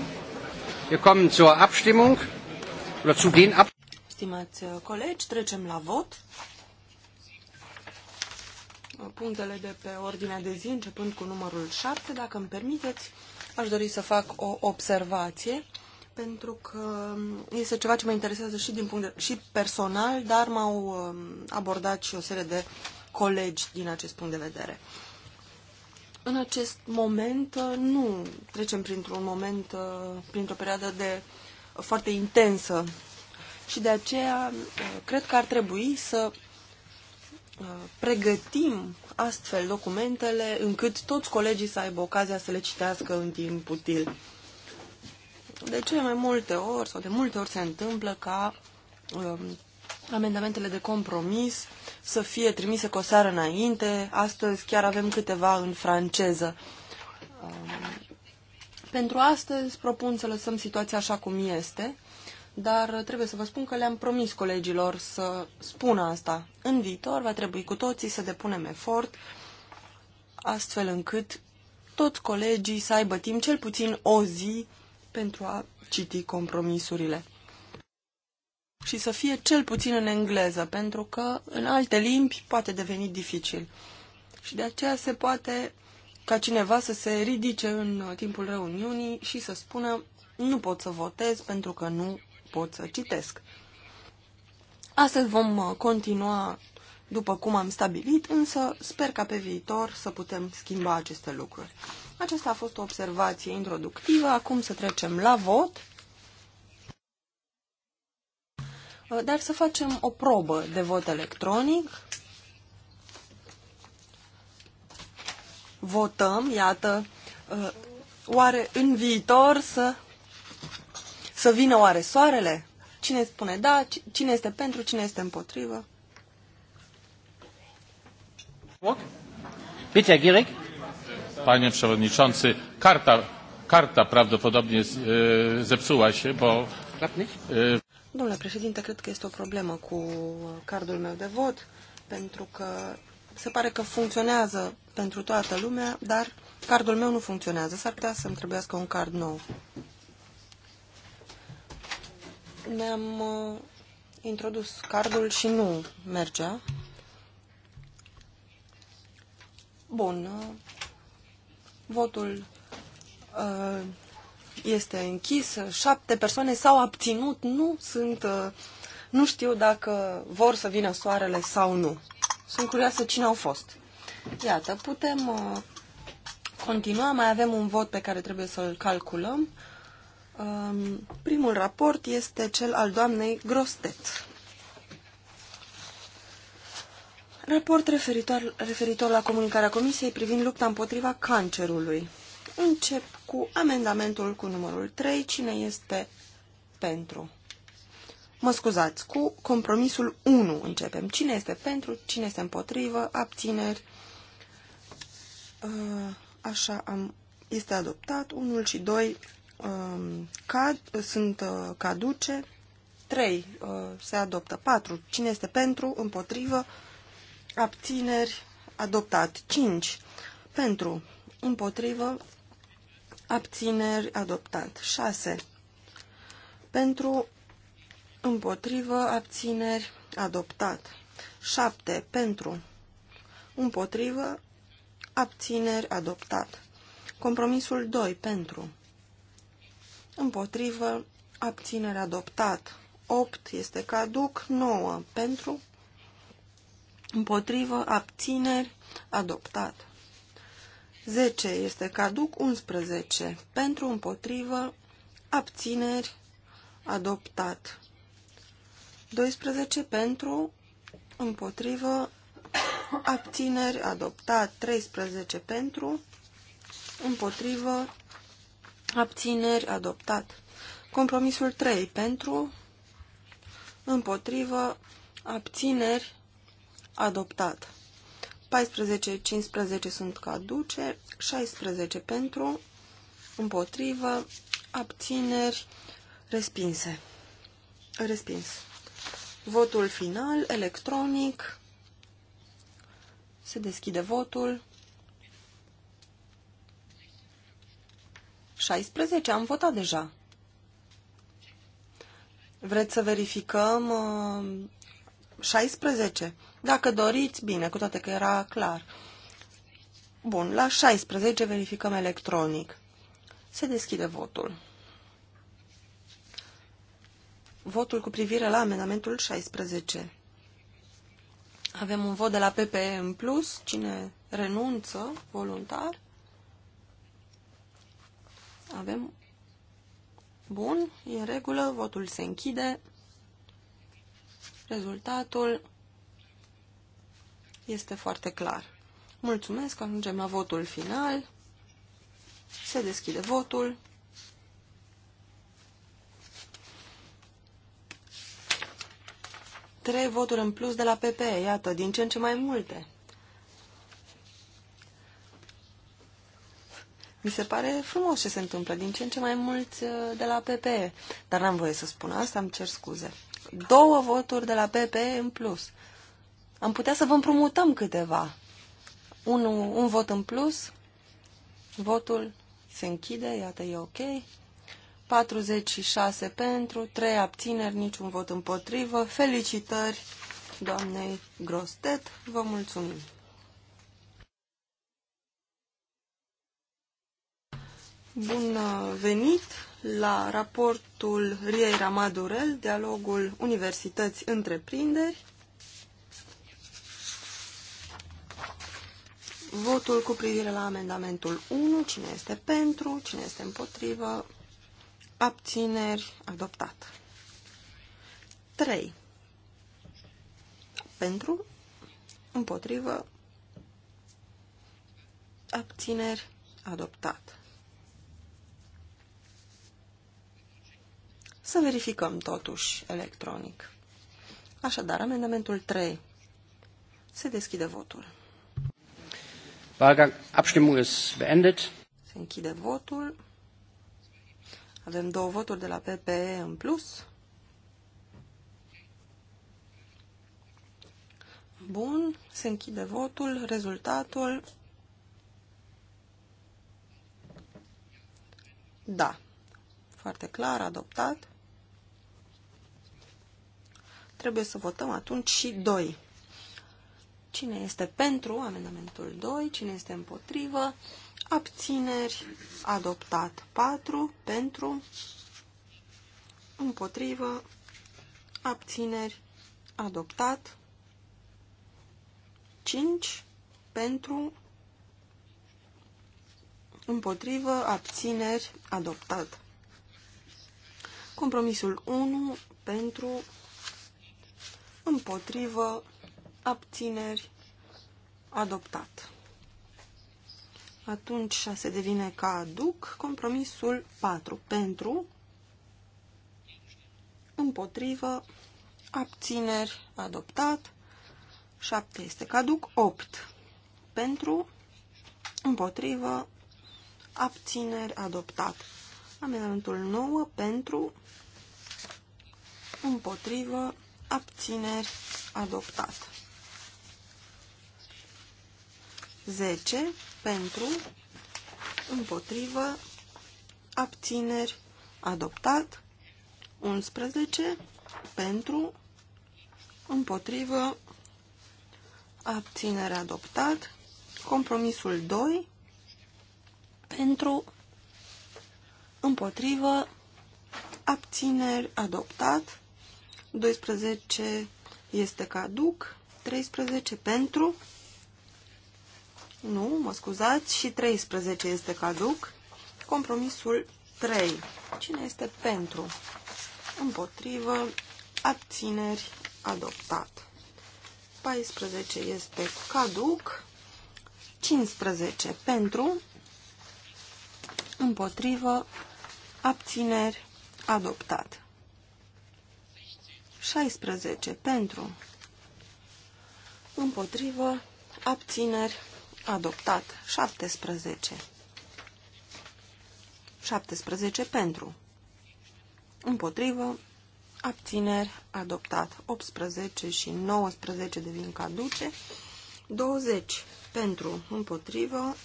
A: wir kommen zur Abstimmung oder zu den Ab
B: Stimați uh, colegi, trecem la vot. Uh, punctele de pe ordinea de zi, începând cu numărul 7, dacă îmi permiteți, aș dori să fac o observație, pentru că um, este ceva ce mă interesează și, din punct de, și personal, dar m-au um, abordat și o serie de colegi din acest punct de vedere. În acest moment uh, nu trecem printr-un moment, uh, printr-o perioadă de uh, foarte intensă și de aceea cred că ar trebui să pregătim astfel documentele încât toți colegii să aibă ocazia să le citească în timp util. De cele mai multe ori sau de multe ori se întâmplă ca um, amendamentele de compromis să fie trimise cu o seară înainte. Astăzi chiar avem câteva în franceză. Um, pentru astăzi propun să lăsăm situația așa cum este, dar trebuie să vă spun că le-am promis colegilor să spună asta. În viitor va trebui cu toții să depunem efort astfel încât toți colegii să aibă timp cel puțin o zi pentru a citi compromisurile și să fie cel puțin în engleză, pentru că în alte limbi poate deveni dificil. Și de aceea se poate ca cineva să se ridice în timpul reuniunii și să spună nu pot să votez pentru că nu pot să citesc. Astăzi vom uh, continua după cum am stabilit, însă sper ca pe viitor să putem schimba aceste lucruri. Aceasta a fost o observație introductivă, acum să trecem la vot. Uh, dar să facem o probă de vot electronic. Votăm, iată, uh, oare în viitor să, să vină oare soarele? Cine spune da, cine este pentru, cine este împotrivă?
A: Peter Gierek? Panie Przewodniczący, karta, karta prawdopodobnie zepsuła się, bo... E,
B: Domnule președinte, cred că este o problemă cu cardul meu de vot, pentru că se pare că funcționează pentru toată lumea, dar cardul meu nu funcționează. S-ar putea să-mi trebuiască un card nou. ne am uh, introdus cardul și nu mergea. Bun. Uh, votul uh, este închis, șapte persoane s-au abținut, nu sunt, uh, nu știu dacă vor să vină soarele sau nu. Sunt curioasă cine au fost. Iată, putem uh, continua, mai avem un vot pe care trebuie să-l calculăm. Um, primul raport este cel al doamnei Grostet. Raport referitor, referitor la comunicarea Comisiei privind lupta împotriva cancerului. Încep cu amendamentul cu numărul 3. Cine este pentru? Mă scuzați, cu compromisul 1 începem. Cine este pentru, cine este împotrivă, abțineri. Uh, așa am, este adoptat. 1 și 2 um, cad, sunt uh, caduce. 3 uh, se adoptă. 4. Cine este pentru, împotrivă, abțineri, adoptat. 5. Pentru, împotrivă, abțineri, adoptat. 6 pentru, împotrivă, abțineri, adoptat. 7 pentru, împotrivă, abțineri, adoptat. Compromisul 2 pentru, împotrivă, abțineri adoptat. 8 este caduc, 9 pentru, împotrivă, abțineri, adoptat. 10 este caduc, 11 pentru, împotrivă, abțineri, adoptat. 12 pentru, împotrivă, abțineri, adoptat. 13 pentru, împotrivă, abțineri, adoptat. Compromisul 3 pentru, împotrivă, abțineri, adoptat. 14, 15 sunt caduce, 16 pentru, împotrivă, abțineri, respinse. Respins. Votul final, electronic. Se deschide votul. 16, am votat deja. Vreți să verificăm uh, 16? Dacă doriți, bine, cu toate că era clar. Bun, la 16 verificăm electronic. Se deschide votul. Votul cu privire la amendamentul 16. Avem un vot de la PPE în plus. Cine renunță voluntar? Avem... Bun, e în regulă, votul se închide. Rezultatul este foarte clar. Mulțumesc, ajungem la votul final. Se deschide votul. Trei voturi în plus de la PP, iată, din ce în ce mai multe. Mi se pare frumos ce se întâmplă, din ce în ce mai mulți uh, de la PP. Dar n-am voie să spun asta, îmi cer scuze. Două voturi de la PP în plus. Am putea să vă împrumutăm câteva. Un, un vot în plus. Votul se închide, iată e ok. 46 pentru, 3 abțineri, niciun vot împotrivă. Felicitări doamnei Grostet, vă mulțumim. Bun venit la raportul Riei Ramadurel, dialogul Universități-Întreprinderi. votul cu privire la amendamentul 1. Cine este pentru, cine este împotrivă, abțineri, adoptat. 3. Pentru, împotrivă, abțineri, adoptat. Să verificăm totuși electronic. Așadar, amendamentul 3. Se deschide votul.
A: Wahlgang. Abstimmung ist beendet.
B: Se închide votul. Avem două voturi de la PPE în plus. Bun, se închide votul, rezultatul. Da, foarte clar, adoptat. Trebuie să votăm atunci și 2. Cine este pentru amendamentul 2? Cine este împotrivă? Abțineri. Adoptat 4. Pentru. Împotrivă. Abțineri. Adoptat. 5. Pentru. Împotrivă. Abțineri. Adoptat. Compromisul 1. Pentru. Împotrivă abțineri, adoptat. Atunci se devine ca caduc, compromisul 4 pentru, împotrivă, abțineri, adoptat, 7 este ca caduc, 8 pentru, împotrivă, abțineri, adoptat. Amendamentul 9 pentru, împotrivă, abțineri, adoptat. 10 pentru, împotrivă, abțineri, adoptat, 11 pentru, împotrivă, abținere adoptat, compromisul 2 pentru, împotrivă, abțineri adoptat, 12 este caduc, 13 pentru, nu, mă scuzați, și 13 este caduc. Compromisul 3. Cine este pentru? Împotrivă, abțineri, adoptat. 14 este caduc. 15 pentru, împotrivă, abțineri, adoptat. 16 pentru, împotrivă, abțineri, Adoptat. 17. 17 pentru. Împotrivă. Abțineri. Adoptat. 18 și 19 devin caduce. 20 pentru. Împotrivă.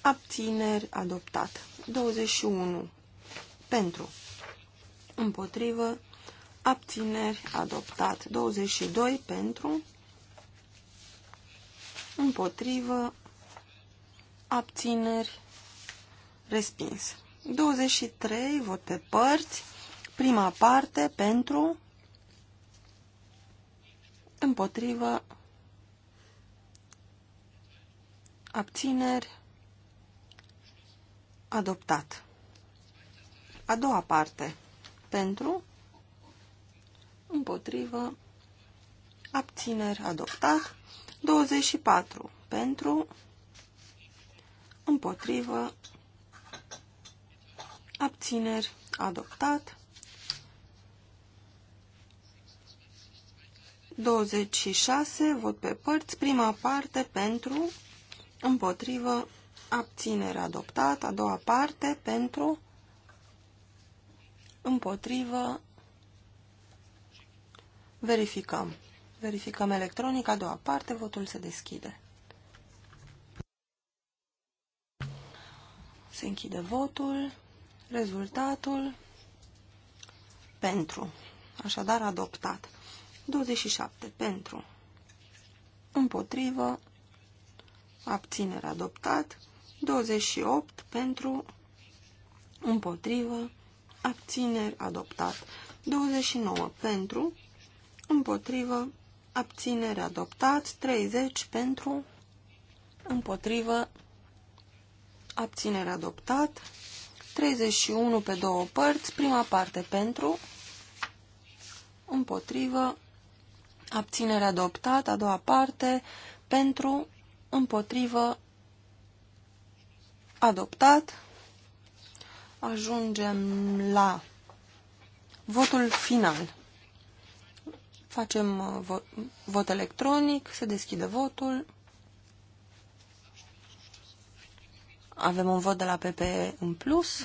B: Abțineri. Adoptat. 21 pentru. Împotrivă. Abțineri. Adoptat. 22 pentru împotrivă, abțineri, respins. 23, vot pe părți, prima parte pentru, împotrivă, abțineri, adoptat. A doua parte, pentru, împotrivă, abțineri, adoptat. 24 pentru, împotrivă, abțineri, adoptat. 26, vot pe părți, prima parte pentru, împotrivă, abținere adoptat, a doua parte pentru, împotrivă, verificăm. Verificăm electronic, a doua parte, votul se deschide. Se închide votul, rezultatul pentru, așadar adoptat. 27 pentru, împotrivă, abținere adoptat, 28 pentru, împotrivă, abțineri adoptat, 29 pentru, împotrivă, abținere adoptat, 30 pentru, împotrivă, abținere adoptat, 31 pe două părți, prima parte pentru, împotrivă, abținere adoptat, a doua parte pentru, împotrivă, adoptat. Ajungem la votul final. Facem uh, vot, vot electronic, se deschide votul. Avem un vot de la PP în plus.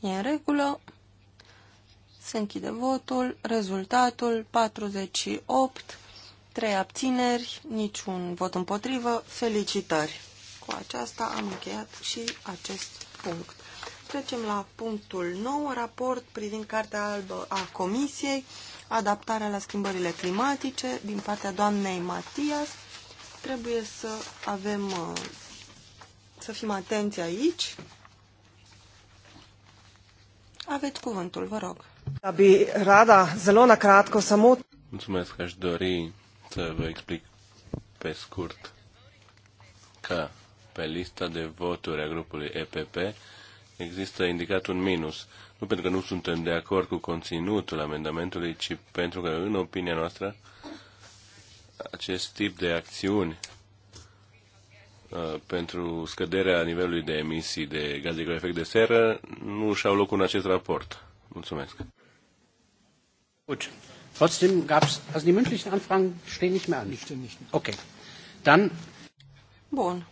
B: E în regulă. Se închide votul. Rezultatul 48, 3 abțineri, niciun vot împotrivă. Felicitări! Cu aceasta am încheiat și acest punct. Trecem la punctul 9, raport privind Cartea Albă a Comisiei adaptarea la schimbările climatice din partea doamnei Matias. Trebuie să avem, uh, să fim atenți aici. Aveți cuvântul, vă rog. Abi da, Rada, zelona kratko, samo...
D: Mulțumesc, aș dori să vă explic pe scurt că pe lista de voturi a grupului EPP există indicat un minus nu pentru că nu suntem de acord cu conținutul amendamentului, ci pentru că, în opinia noastră, acest tip de acțiuni uh, pentru scăderea nivelului de emisii de gaze cu efect de seră nu și-au loc în acest raport. Mulțumesc.
A: Gut. Trotzdem gab es, also die mündlichen Anfragen stehen nicht mehr an. Nicht, nicht. Okay. Dann.
B: Bun.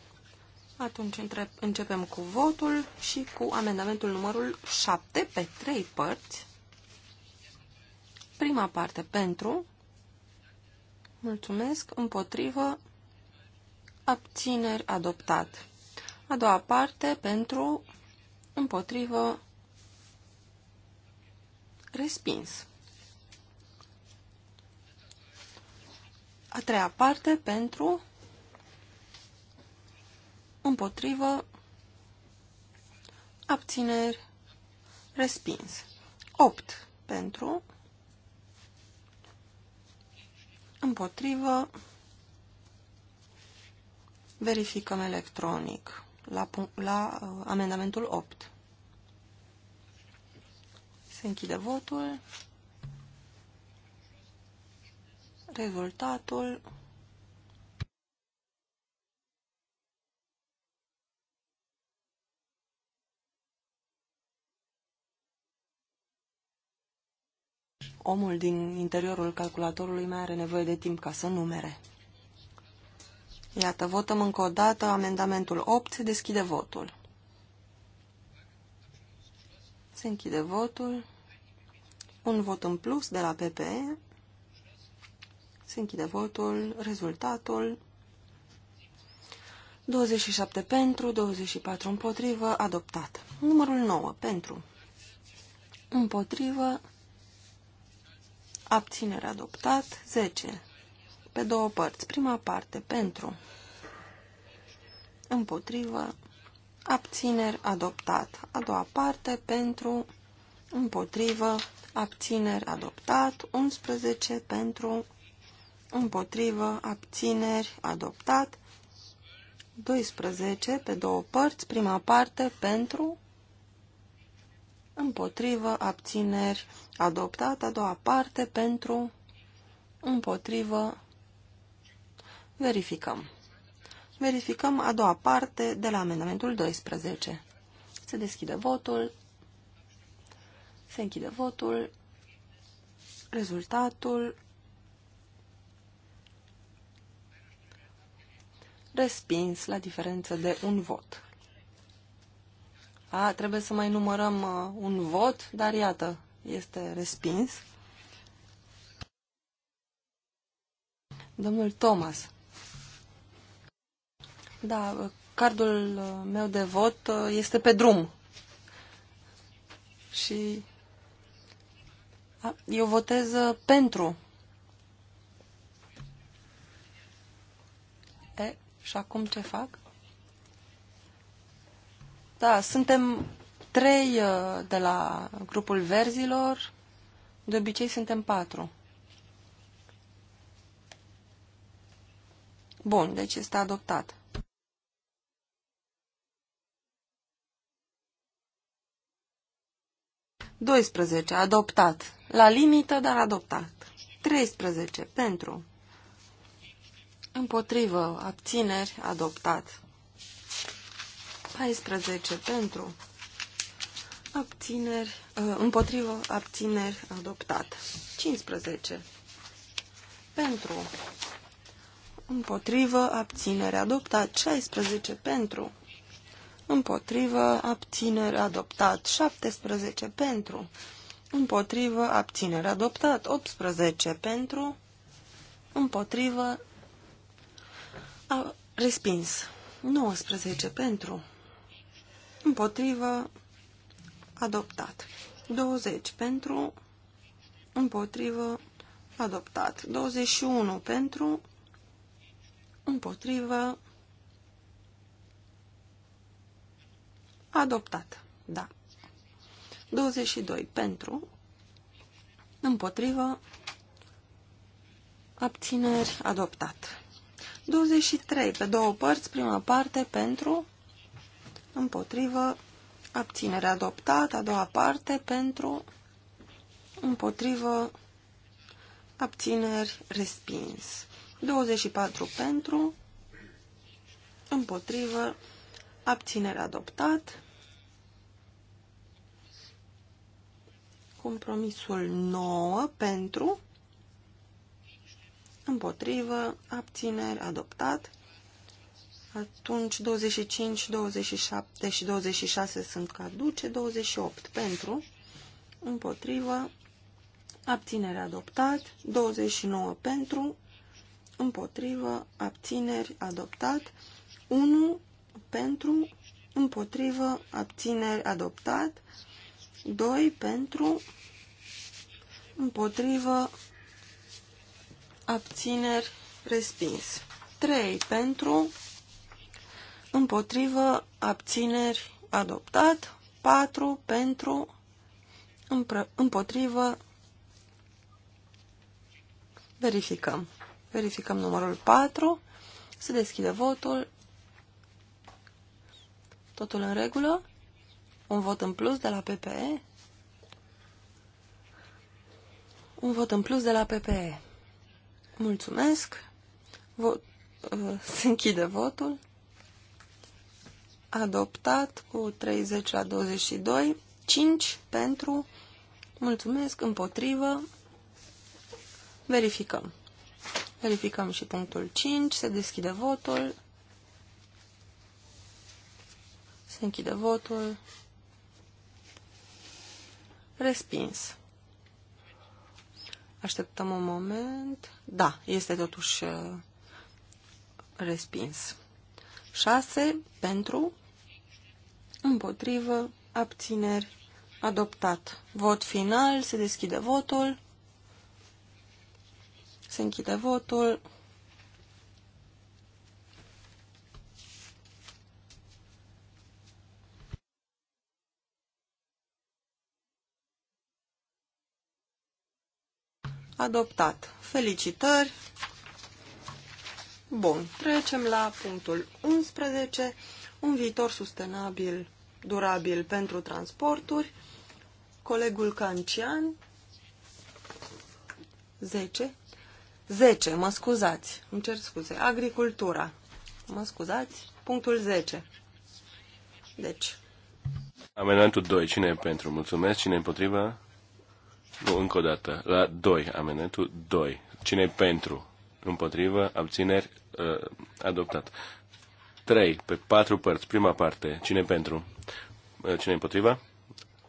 B: Atunci începem cu votul și cu amendamentul numărul 7 pe 3 părți. Prima parte pentru, mulțumesc, împotrivă, abțineri, adoptat. A doua parte pentru, împotrivă, respins. A treia parte pentru, împotrivă, abțineri, respins. 8 pentru, împotrivă, verificăm electronic la, la uh, amendamentul 8. Se închide votul. Rezultatul omul din interiorul calculatorului mai are nevoie de timp ca să numere. Iată, votăm încă o dată amendamentul 8, deschide votul. Se închide votul. Un vot în plus de la PPE. Se închide votul. Rezultatul 27 pentru, 24 împotrivă, adoptat. Numărul 9 pentru, împotrivă, abținere adoptat, 10 pe două părți. Prima parte pentru, împotrivă, abțineri adoptat. A doua parte pentru, împotrivă, abțineri adoptat, 11 pentru, împotrivă, abțineri adoptat, 12 pe două părți, prima parte pentru, împotrivă, abțineri, adoptat, a doua parte, pentru, împotrivă, verificăm. Verificăm a doua parte de la amendamentul 12. Se deschide votul, se închide votul, rezultatul, respins la diferență de un vot. A, trebuie să mai numărăm uh, un vot, dar iată, este respins. Domnul Thomas. Da, uh, cardul uh, meu de vot uh, este pe drum. Și a, eu votez pentru. E, și acum ce fac? Da, suntem trei uh, de la grupul verzilor, de obicei suntem patru. Bun, deci este adoptat. Doisprezece, adoptat. La limită, dar adoptat. Treisprezece, Pentru. Împotrivă. Abțineri. Adoptat. 14 pentru abțineri, uh, împotrivă abțineri adoptat. 15 pentru împotrivă abținere adoptat. 16 pentru împotrivă abținere adoptat. 17 pentru împotrivă abținere adoptat. 18 pentru împotrivă a, respins. 19 pentru împotrivă, adoptat. 20 pentru, împotrivă, adoptat. 21 pentru, împotrivă, adoptat. Da. 22 pentru, împotrivă, abțineri, adoptat. 23 pe două părți, prima parte pentru, împotrivă, abținere adoptat, a doua parte, pentru, împotrivă, abțineri, respins. 24 pentru, împotrivă, abținere adoptat, compromisul 9 pentru, împotrivă, abțineri, adoptat, atunci 25, 27 și 26 sunt caduce, 28 pentru, împotrivă, abținere adoptat, 29 pentru, împotrivă, abțineri adoptat, 1 pentru, împotrivă, abțineri adoptat, 2 pentru, împotrivă, abțineri respins, 3 pentru, împotrivă, abțineri, adoptat. 4 pentru, împotrivă, verificăm. Verificăm numărul 4, se deschide votul, totul în regulă, un vot în plus de la PPE, un vot în plus de la PPE. Mulțumesc. Vot, uh, se închide votul adoptat cu 30 la 22, 5 pentru, mulțumesc, împotrivă, verificăm. Verificăm și punctul 5, se deschide votul, se închide votul, respins. Așteptăm un moment. Da, este totuși uh, respins. 6 pentru, împotrivă, abțineri, adoptat. Vot final, se deschide votul, se închide votul. adoptat. Felicitări! Bun, trecem la punctul 11, un viitor sustenabil durabil pentru transporturi, colegul Cancian, 10, 10, mă scuzați, îmi cer scuze, agricultura, mă scuzați, punctul 10. Deci.
D: Amenantul 2, cine e pentru? Mulțumesc, cine e împotriva? Nu, încă o dată, la 2, amenantul 2. Cine e pentru? Împotrivă, abțineri, uh, adoptat. 3, pe 4 părți. Prima parte, cine pentru? Uh, cine împotriva?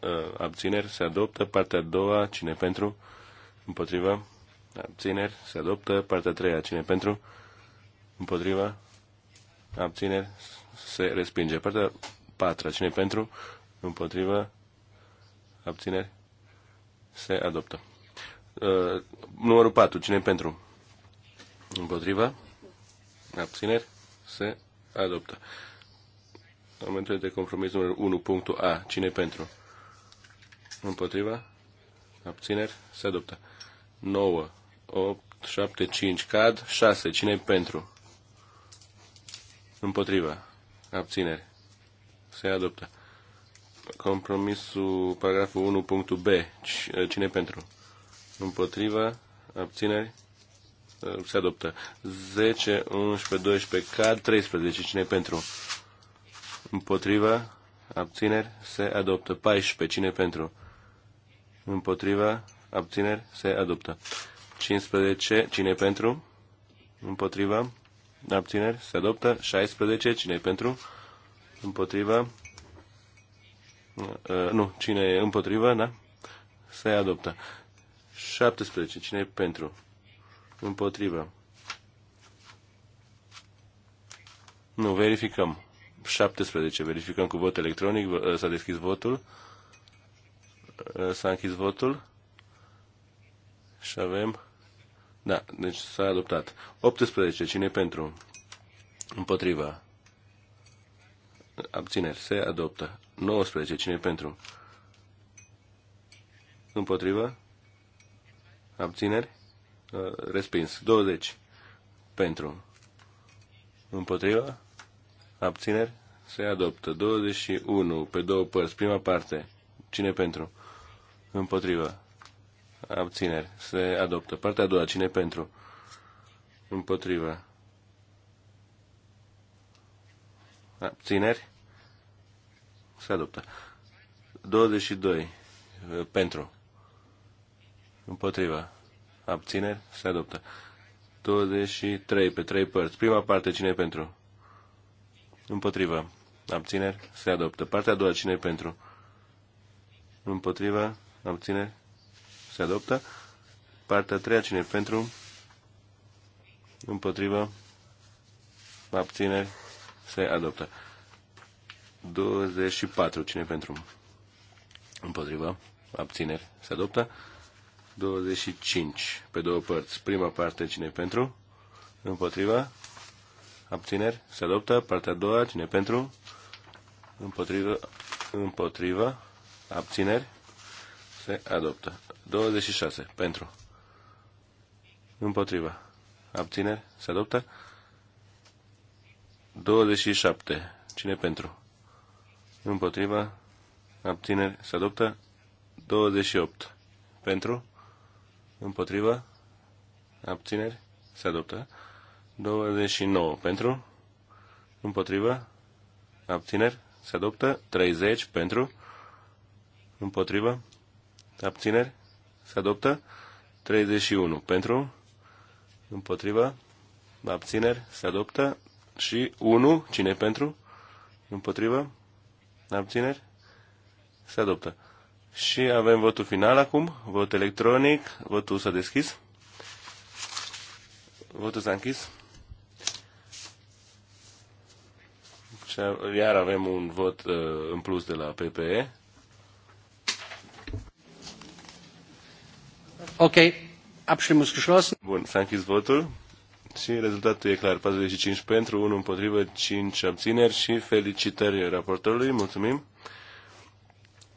D: Uh, abțineri, se adoptă. Partea a doua, cine pentru? Împotriva? Abțineri, se adoptă. Partea a treia, cine pentru? Împotriva? Abțineri, se respinge. Partea a patra, cine pentru? Împotriva? Abțineri, se adoptă. Uh, numărul 4, cine pentru? Împotriva? Abțineri? Se adoptă. Amendamentul de compromis numărul 1.a. Cine pentru? Împotriva? Abțineri? Se adoptă. 9, 8, 7, 5. Cad. 6. Cine pentru? Împotriva. Abțineri. Se adoptă. Compromisul paragraful 1.b. Cine pentru? Împotriva. Abțineri. Uh, se adoptă. 10, 11, 12, cad, 13. Cine pentru? Împotriva, abțineri, se adoptă. 14. Cine pentru? Împotriva, abțineri, se adoptă. 15. Cine pentru? Împotriva, abțineri, se adoptă. 16. Cine pentru? Împotriva, uh, nu, cine e împotriva, da? Se adoptă. 17. Cine e pentru? Împotrivă. Nu, verificăm. 17. Verificăm cu vot electronic. Ă, s-a deschis votul. Ă, s-a închis votul. Și avem... Da, deci s-a adoptat. 18. Cine pentru? Împotriva. Abțineri. Se adoptă. 19. Cine pentru? Împotriva. Abțineri. Uh, respins. 20 pentru, împotriva, abțineri, se adoptă. 21 pe două părți, prima parte, cine pentru, împotriva, abțineri, se adoptă. Partea a doua, cine pentru, împotriva, abțineri, se adoptă. 22 uh, pentru, împotriva, abțineri, se adoptă. 23 pe 3 părți. Prima parte, cine pentru? Împotrivă. Abțineri, se adoptă. Partea a doua, cine pentru? Împotrivă, abțineri, se adoptă. Partea a treia, cine pentru? Împotrivă, abțineri, se adoptă. 24, cine pentru? Împotrivă, abțineri, se adoptă. 25 pe două părți. Prima parte, cine pentru? Împotriva? Abțineri? Se adoptă. Partea a doua, cine pentru? Împotriva? Împotriva? Abțineri? Se adoptă. 26. Pentru. Împotriva. Abțineri? Se adoptă. 27. Cine pentru? Împotriva. Abțineri? Se adoptă. 28. Pentru? Împotrivă? Abțineri? Se adoptă. 29 pentru? Împotrivă? Abțineri? Se adoptă. 30 pentru? Împotrivă? Abțineri? Se adoptă. 31 pentru? Împotrivă? Abțineri? Se adoptă. Și 1. Cine pentru? Împotrivă? Abțineri? Se adoptă. Și avem votul final acum, vot electronic, votul s-a deschis. Votul s-a închis. Și iar avem un vot uh, în plus de la PPE. Ok, abstimmung ist geschlossen. Bun, s-a închis votul și rezultatul e clar. 45 pentru, 1 împotrivă, 5 abțineri și felicitări raportorului. Mulțumim.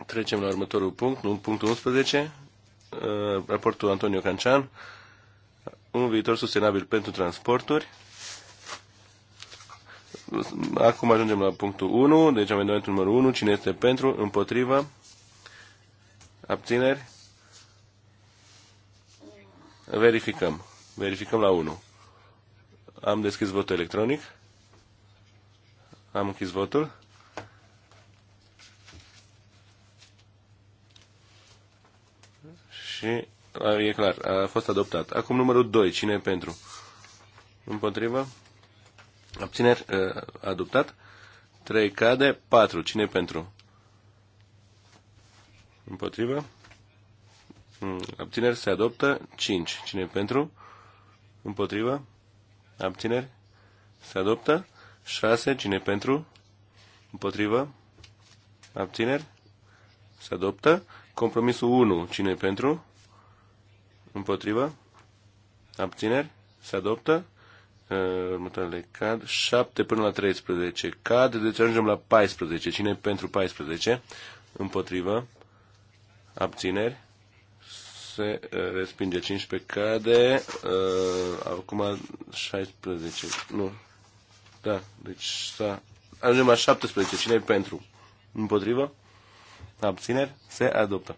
D: Trecem la următorul punct, punctul 11, uh, raportul Antonio Cancian, un viitor sustenabil pentru transporturi. Acum ajungem la punctul 1, deci amendamentul numărul 1, cine este pentru, împotrivă, abțineri, verificăm, verificăm la 1. Am deschis votul electronic, am închis votul. Și e clar, a fost adoptat. Acum numărul 2, cine e pentru? Împotrivă? Abțineri? Adoptat. 3 cade, 4, mm, cine e pentru? Împotrivă? Abțineri se adoptă, 5, cine e pentru? Împotrivă? Abțineri? Se adoptă, 6, cine e pentru? Împotrivă? Abțineri? Se adoptă. Compromisul 1, cine e pentru? Împotrivă? Abțineri? Se adoptă? Următoarele cad. 7 până la 13 cad, deci ajungem la 14. Cine pentru 14? Împotrivă? Abțineri? se respinge 15 cade, uh, acum 16, nu, da, deci s-a, ajungem la 17, cine pentru? Împotrivă? Abțineri? Se adoptă.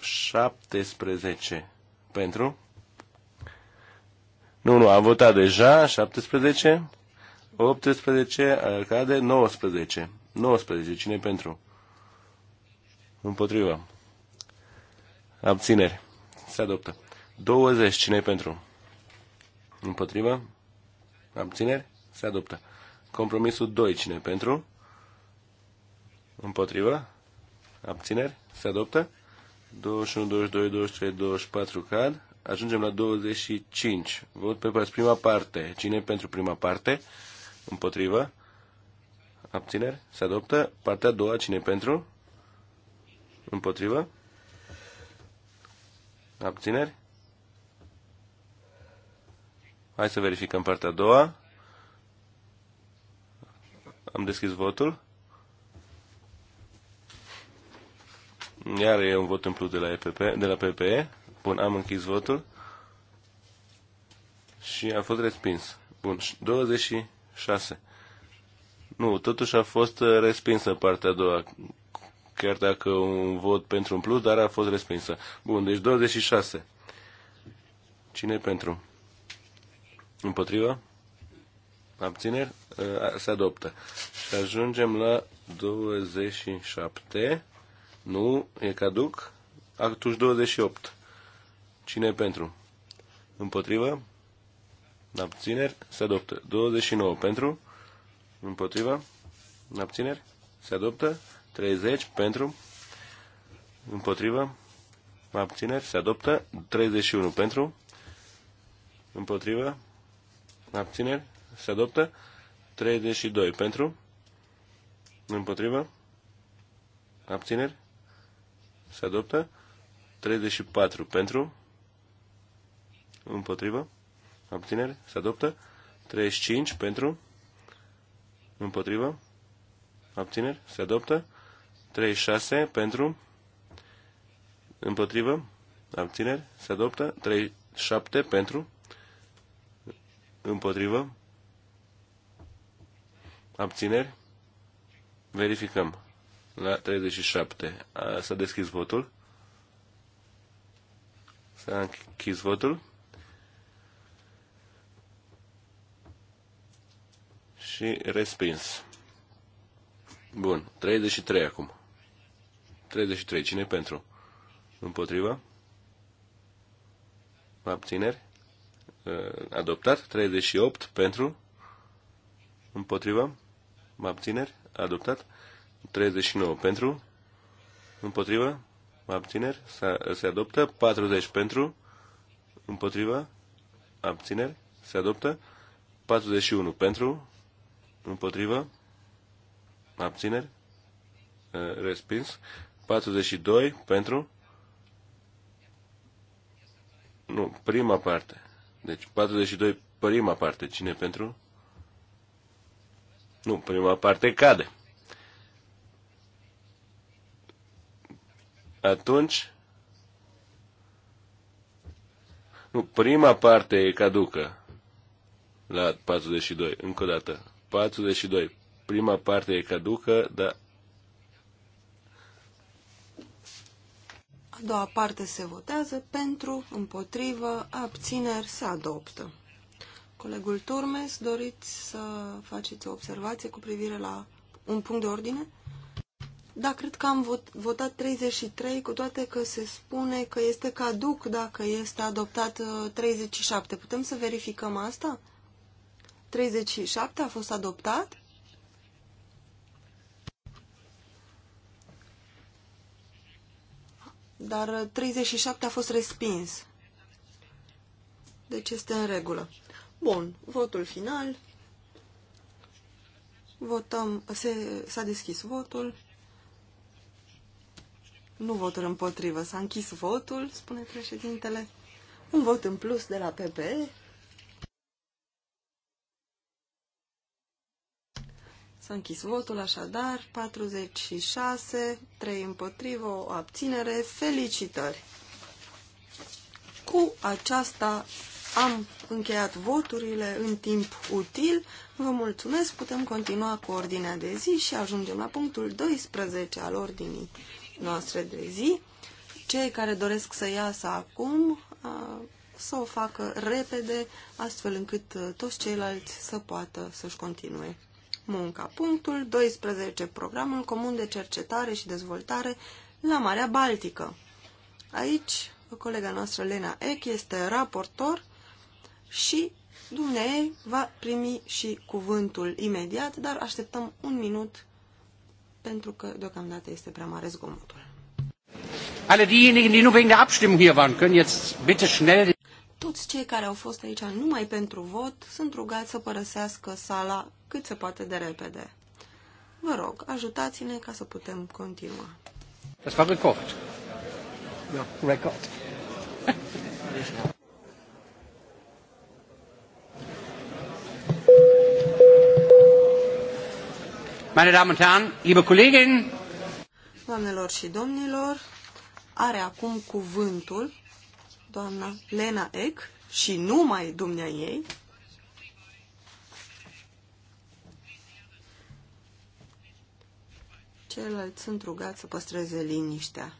D: 17 pentru. Nu, nu, am votat deja, 17, 18, cade 19. 19, cine pentru? Împotriva. Abțineri. Se adoptă. 20, cine pentru? Împotriva. Abțineri. Se adoptă. Compromisul 2, cine pentru? Împotriva. Abțineri. Se adoptă. 21, 22, 23, 24 cad. Ajungem la 25. Vot pe părți. Prima parte. Cine pentru prima parte? Împotrivă. Abțineri. Se adoptă. Partea a doua. Cine pentru? Împotrivă. Abțineri. Hai să verificăm partea a doua. Am deschis votul. Iar e un vot în plus de la, EPP, de la PPE. Bun, am închis votul. Și a fost respins. Bun, 26. Nu, totuși a fost uh, respinsă partea a doua. Chiar dacă un vot pentru un plus, dar a fost respinsă. Bun, deci 26. Cine pentru? Împotriva? Abțineri? Uh, se adoptă. Și ajungem la 27. Nu, e caduc. Actul 28. Cine e pentru? Împotrivă? Abțineri? Se adoptă. 29 pentru? Împotrivă? Abțineri? Se adoptă. 30 pentru? Împotrivă? Abțineri? Se adoptă. 31 pentru? Împotrivă? Abțineri? Se adoptă. 32 pentru? Împotrivă? Abțineri? Se adoptă. 34 pentru. Împotrivă. Abținere. Se adoptă. 35 pentru. Împotrivă. Abțineri. Se adoptă. 36 pentru. Împotrivă. Abțineri. Se adoptă. 37 pentru. Împotrivă. Abțineri. Verificăm la 37. S-a deschis votul. S-a închis votul. Și respins. Bun. 33 acum. 33. Cine pentru? Împotriva? Abțineri? Adoptat. 38 pentru? Împotriva? Abțineri? Adoptat. 39 pentru, împotriva, abțineri, se adoptă. 40 pentru, împotriva, abțineri, se adoptă. 41 pentru, împotriva, abțineri, respins. 42 pentru, nu, prima parte. Deci 42, prima parte. Cine pentru? Nu, prima parte cade. atunci nu, prima parte e caducă la 42, încă o dată. 42, prima parte e caducă, dar
B: A doua parte se votează pentru, împotrivă, abțineri, se adoptă. Colegul Turmes, doriți să faceți o observație cu privire la un punct de ordine? Da, cred că am vot, votat 33, cu toate că se spune că este caduc dacă este adoptat 37. Uh, Putem să verificăm asta? 37 a fost adoptat? Dar 37 uh, a fost respins. Deci este în regulă. Bun, votul final. Votăm, s-a deschis votul. Nu votul împotrivă. S-a închis votul, spune președintele. Un vot în plus de la PP. S-a închis votul, așadar, 46, 3 împotrivă, o abținere. Felicitări! Cu aceasta am încheiat voturile în timp util. Vă mulțumesc, putem continua cu ordinea de zi și ajungem la punctul 12 al ordinii noastre de zi. Cei care doresc să iasă acum să o facă repede, astfel încât toți ceilalți să poată să-și continue munca. Punctul 12. Programul comun de cercetare și dezvoltare la Marea Baltică. Aici, colega noastră Lena Eck este raportor și dumneavoastră va primi și cuvântul imediat, dar așteptăm un minut pentru că deocamdată este prea mare zgomotul.
A: Alle diejenigen, die nur wegen der Abstimmung hier waren, können jetzt bitte schnell
B: toți cei care au fost aici numai pentru vot sunt rugați să părăsească sala cât se poate de repede. Vă rog, ajutați-ne ca să putem continua.
A: Das war record. Ja, record. Meine Damen und Herren, liebe Kolleginnen.
B: Doamnelor și domnilor, are acum cuvântul doamna Lena Eck și numai dumnea ei. Ceilalți sunt rugați să păstreze liniștea.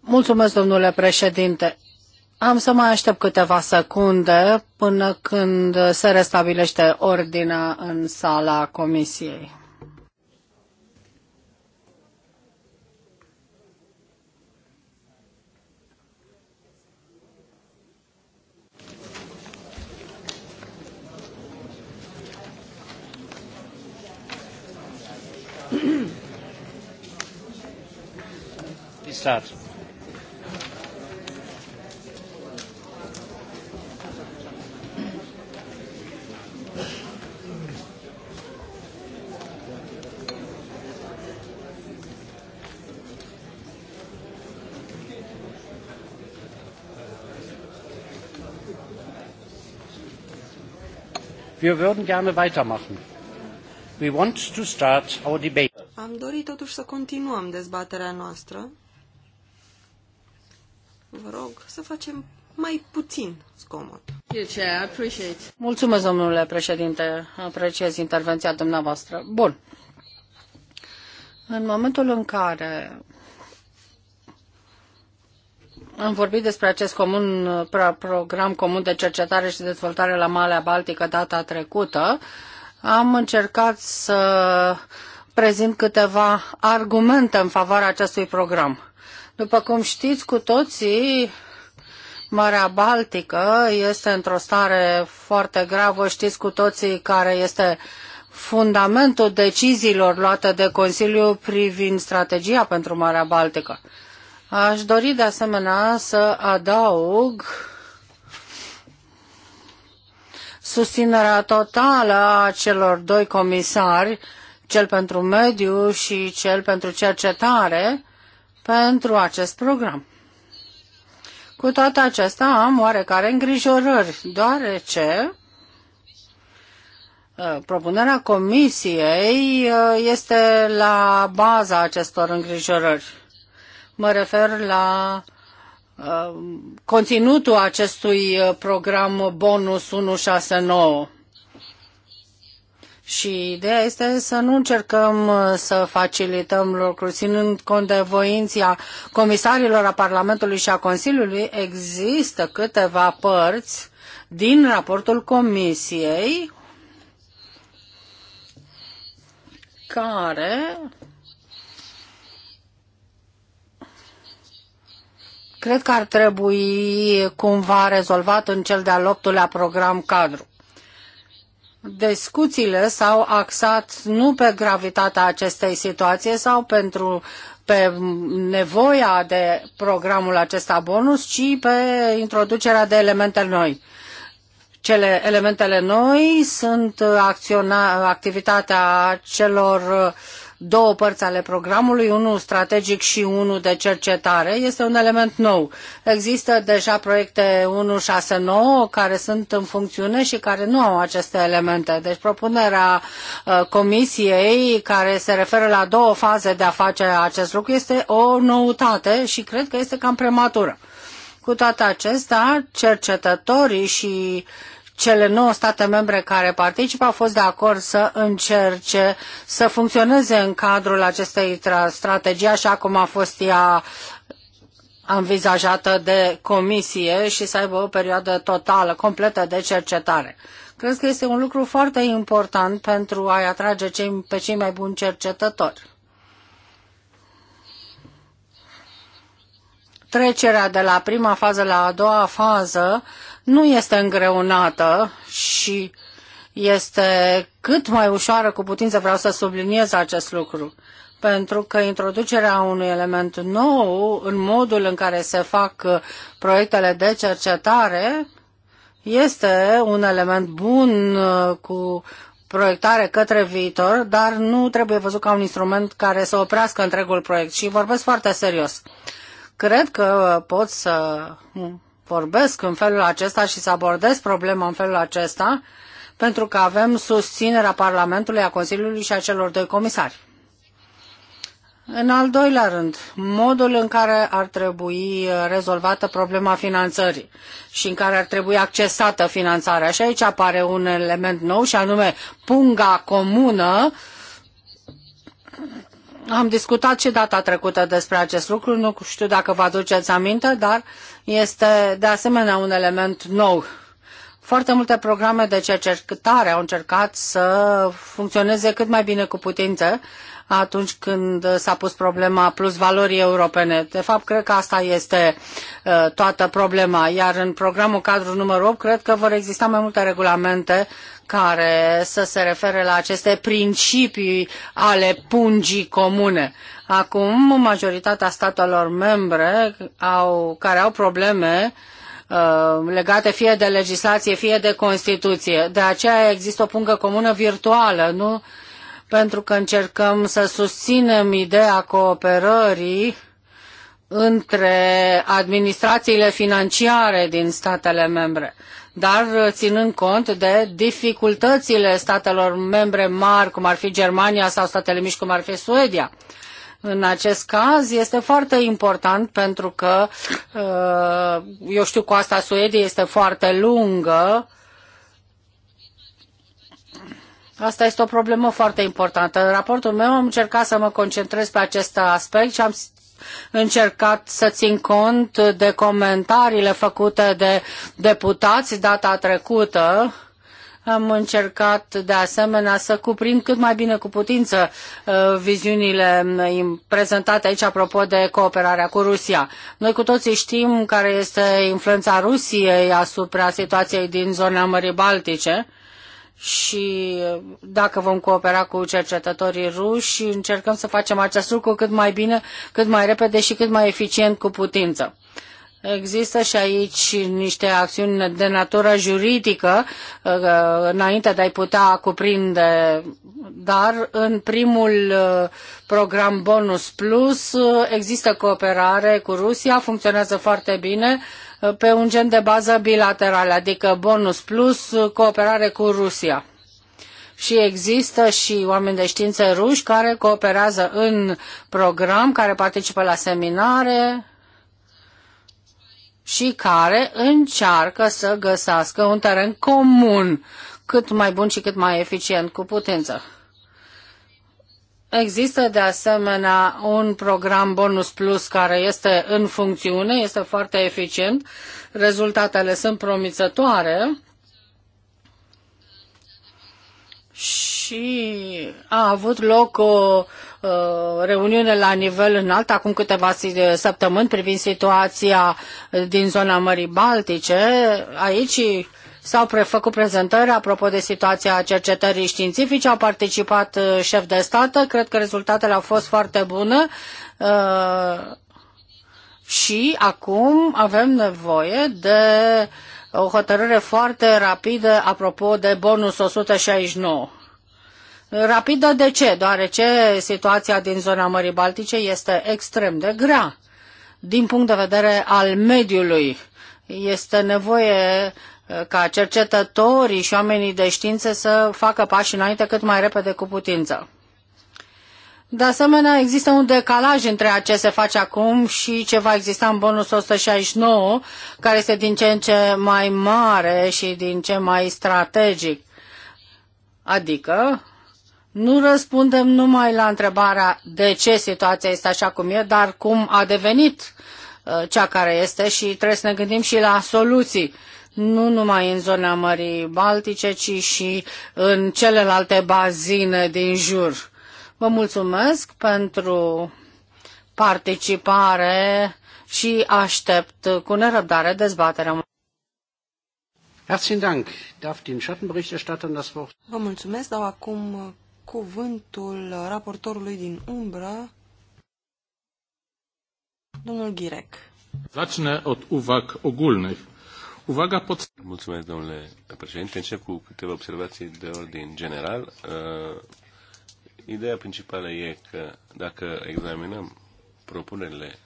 C: Mulțumesc, domnule președinte. Am să mai aștept câteva secunde până când se restabilește ordinea în sala comisiei.
A: start. Wir würden gerne weitermachen. We want to start our debate.
B: Am dorit totuși să continuăm dezbaterea noastră. Vă rog să facem mai puțin
C: zgomot. Mulțumesc, domnule președinte. Apreciez intervenția dumneavoastră. Bun. În momentul în care am vorbit despre acest comun, program comun de cercetare și dezvoltare la Marea Baltică data trecută. Am încercat să prezint câteva argumente în favoarea acestui program. După cum știți cu toții, Marea Baltică este într-o stare foarte gravă. Știți cu toții care este fundamentul deciziilor luate de Consiliu privind strategia pentru Marea Baltică. Aș dori de asemenea să adaug susținerea totală a celor doi comisari, cel pentru mediu și cel pentru cercetare, pentru acest program. Cu toate acestea am oarecare îngrijorări, deoarece uh, propunerea comisiei uh, este la baza acestor îngrijorări. Mă refer la uh, conținutul acestui uh, program bonus 169. Și ideea este să nu încercăm uh, să facilităm lucruri, ținând cont de voința comisarilor a Parlamentului și a Consiliului, există câteva părți din raportul Comisiei care cred că ar trebui cumva rezolvat în cel de-al optulea program cadru. Discuțiile s-au axat nu pe gravitatea acestei situații sau pentru pe nevoia de programul acesta bonus, ci pe introducerea de elemente noi. Cele elementele noi sunt acționa, activitatea celor uh, două părți ale programului, unul strategic și unul de cercetare. Este un element nou. Există deja proiecte 169 care sunt în funcțiune și care nu au aceste elemente. Deci propunerea uh, comisiei care se referă la două faze de a face acest lucru este o noutate și cred că este cam prematură. Cu toate acestea, cercetătorii și uh, cele nouă state membre care participă au fost de acord să încerce să funcționeze în cadrul acestei strategii, așa cum a fost ea învizajată de comisie și să aibă o perioadă totală, completă de cercetare. Cred că este un lucru foarte important pentru a-i atrage cei, pe cei mai buni cercetători. Trecerea de la prima fază la a doua fază nu este îngreunată și este cât mai ușoară cu putință, vreau să subliniez acest lucru, pentru că introducerea unui element nou în modul în care se fac uh, proiectele de cercetare este un element bun uh, cu proiectare către viitor, dar nu trebuie văzut ca un instrument care să oprească întregul proiect. Și vorbesc foarte serios. Cred că pot să vorbesc în felul acesta și să abordez problema în felul acesta, pentru că avem susținerea Parlamentului, a Consiliului și a celor doi comisari. În al doilea rând, modul în care ar trebui rezolvată problema finanțării și în care ar trebui accesată finanțarea. Și aici apare un element nou și anume punga comună am discutat și data trecută despre acest lucru, nu știu dacă vă aduceți aminte, dar este de asemenea un element nou. Foarte multe programe de cercetare au încercat să funcționeze cât mai bine cu putință atunci când s-a pus problema plus valorii europene. De fapt, cred că asta este uh, toată problema. Iar în programul cadru numărul 8, cred că vor exista mai multe regulamente care să se refere la aceste principii ale pungii comune. Acum, majoritatea statelor membre au, care au probleme uh, legate fie de legislație, fie de Constituție. De aceea există o pungă comună virtuală, nu pentru că încercăm să susținem ideea cooperării între administrațiile financiare din statele membre, dar ținând cont de dificultățile statelor membre mari, cum ar fi Germania sau statele mici, cum ar fi Suedia. În acest caz este foarte important pentru că, uh, eu știu, coasta Suediei este foarte lungă, Asta este o problemă foarte importantă. În raportul meu am încercat să mă concentrez pe acest aspect și am încercat să țin cont de comentariile făcute de deputați data trecută. Am încercat de asemenea să cuprind cât mai bine cu putință uh, viziunile um, prezentate aici apropo de cooperarea cu Rusia. Noi cu toții știm care este influența Rusiei asupra situației din zona Mării Baltice și dacă vom coopera cu cercetătorii ruși, încercăm să facem acest lucru cât mai bine, cât mai repede și cât mai eficient cu putință. Există și aici niște acțiuni de natură juridică uh, înainte de a-i putea cuprinde, dar în primul uh, program Bonus Plus uh, există cooperare cu Rusia, funcționează foarte bine pe un gen de bază bilaterală, adică bonus plus cooperare cu Rusia. Și există și oameni de știință ruși care cooperează în program, care participă la seminare și care încearcă să găsească un teren comun cât mai bun și cât mai eficient cu putință. Există de asemenea un program Bonus Plus care este în funcțiune, este foarte eficient, rezultatele sunt promițătoare și a avut loc o uh, reuniune la nivel înalt acum câteva uh, săptămâni privind situația din zona Mării Baltice. Aici S-au făcut prezentări apropo de situația cercetării științifice, au participat uh, șef de stată, cred că rezultatele au fost foarte bune uh, și acum avem nevoie de o hotărâre foarte rapidă apropo de bonus 169. Rapidă de ce? Deoarece situația din zona Mării Baltice este extrem de grea din punct de vedere al mediului. Este nevoie Uh, ca cercetătorii și oamenii de știință să facă pași înainte cât mai repede cu putință. De asemenea, există un decalaj între ce se face acum și ce va exista în bonus 169, care este din ce în ce mai mare și din ce mai strategic. Adică, nu răspundem numai la întrebarea de ce situația este așa cum e, dar cum a devenit uh, cea care este și trebuie să ne gândim și la soluții nu numai în zona Mării Baltice, ci și în celelalte bazine din jur. Vă mulțumesc pentru participare și aștept cu nerăbdare dezbaterea.
A: Herzlichen Dank. Darf den Schattenberichterstattern das Wort?
B: Vă mulțumesc, dau acum cuvântul raportorului din umbră, domnul Girek.
D: Zacznę od uwag ogólnych. Uwaga pod... Mulțumesc, domnule președinte. Încep cu câteva observații de ordin general. Uh, ideea principală e că dacă examinăm propunerile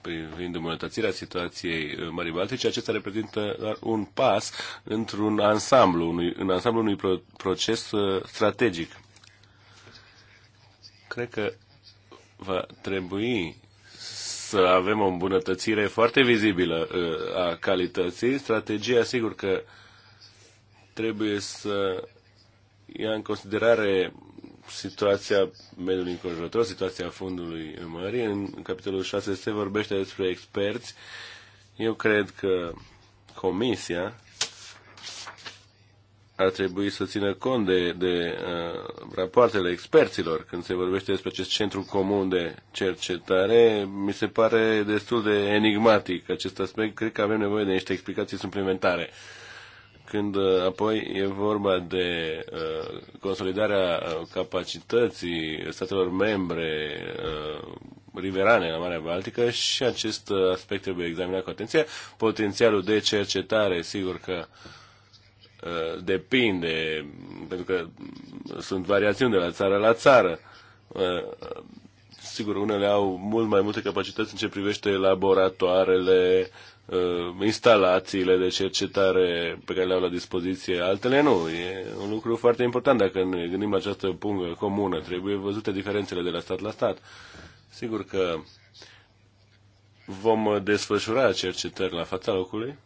D: privind îmbunătățirea situației Mării Baltice, acesta reprezintă doar un pas într-un ansamblu, unui, în ansamblu unui pro, proces uh, strategic. Cred că va trebui să avem o îmbunătățire foarte vizibilă uh, a calității. Strategia, sigur că trebuie să ia în considerare situația mediului înconjurător, situația fundului mării. În capitolul 6 se vorbește despre experți. Eu cred că comisia ar trebui să țină cont de, de uh, rapoartele experților când se vorbește despre acest centru comun de cercetare. Mi se pare destul de enigmatic acest aspect. Cred că avem nevoie de niște explicații suplimentare. Când uh, apoi e vorba de uh, consolidarea uh, capacității statelor membre uh, riverane la Marea Baltică și acest uh, aspect trebuie examinat cu atenție. Potențialul de cercetare, sigur că uh, Uh, depinde, pentru că sunt variațiuni de la țară la țară. Uh, sigur, unele au mult mai multe capacități în ce privește laboratoarele, uh, instalațiile de cercetare pe care le au la dispoziție, altele nu. E un lucru foarte important dacă ne gândim la această pungă comună. Trebuie văzute diferențele de la stat la stat. Sigur că vom desfășura cercetări la fața locului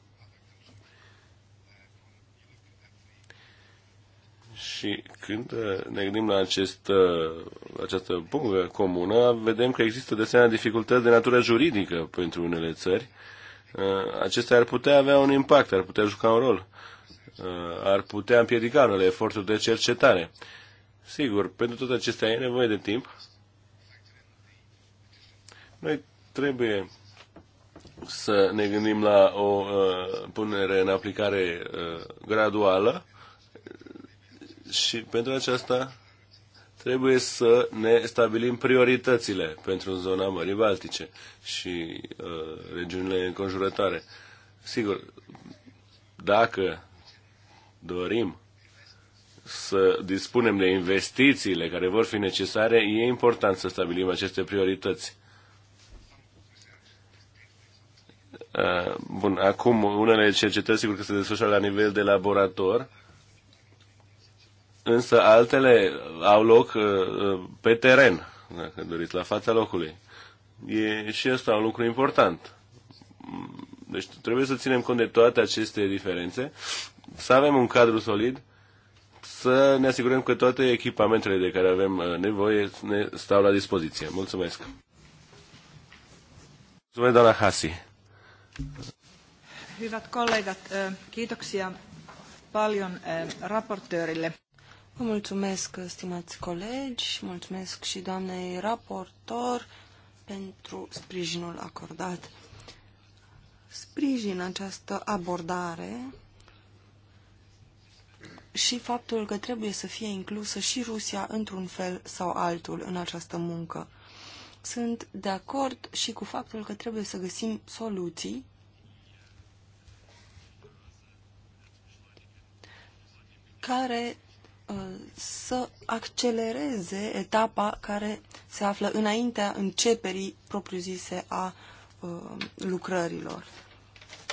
D: Și când uh, ne gândim la acest, uh, această pungă comună, vedem că există de asemenea dificultăți de natură juridică pentru unele țări. Uh, acestea ar putea avea un impact, ar putea juca un rol, ar putea împiedica unele eforturi de cercetare. Sigur, pentru toate acestea e nevoie de timp. Noi trebuie să ne gândim la o uh, punere în aplicare uh, graduală și pentru aceasta trebuie să ne stabilim prioritățile pentru zona Mării Baltice și uh, regiunile înconjurătoare. Sigur, dacă dorim să dispunem de investițiile care vor fi necesare, e important să stabilim aceste priorități. Uh, bun, acum unele cercetări sigur că se desfășoară la nivel de laborator, însă altele au loc uh, uh, pe teren, dacă doriți, la fața locului. E și asta un lucru important. Deci trebuie să ținem cont de toate aceste diferențe, să avem un cadru solid, să ne asigurăm că toate echipamentele de care avem uh, nevoie ne stau la dispoziție. Mulțumesc! Mulțumesc, doamna Hasi!
B: Hyvät kollegat, kiitoksia paljon raportöörille. Vă mulțumesc, stimați colegi, mulțumesc și doamnei raportor pentru sprijinul acordat. Sprijin această abordare și faptul că trebuie să fie inclusă și Rusia într-un fel sau altul în această muncă. Sunt de acord și cu faptul că trebuie să găsim soluții care Uh, să accelereze etapa care se află înaintea începerii propriu-zise a uh, lucrărilor.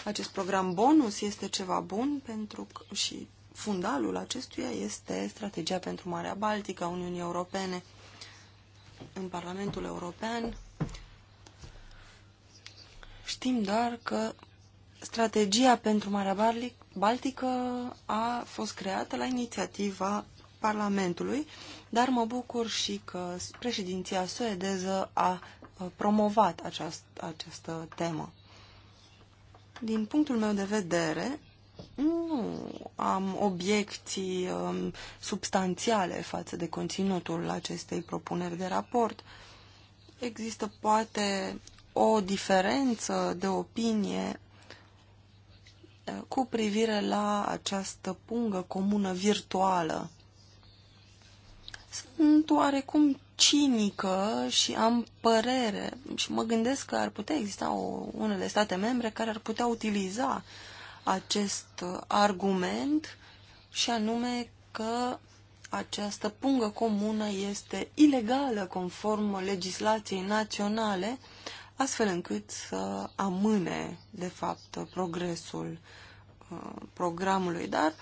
B: Acest program bonus este ceva bun pentru că și fundalul acestuia este strategia pentru Marea Baltică a Uniunii Europene. În Parlamentul European știm doar că strategia pentru Marea Baltică a fost creată la inițiativa Parlamentului, dar mă bucur și că președinția suedeză a promovat aceast, această temă. Din punctul meu de vedere, nu am obiecții um, substanțiale față de conținutul acestei propuneri de raport. Există poate o diferență de opinie cu privire la această pungă comună virtuală. Sunt oarecum cinică și am părere și mă gândesc că ar putea exista o, unele state membre care ar putea utiliza acest uh, argument și anume că această pungă comună este ilegală conform legislației naționale astfel încât să amâne, de fapt, progresul uh, programului, dar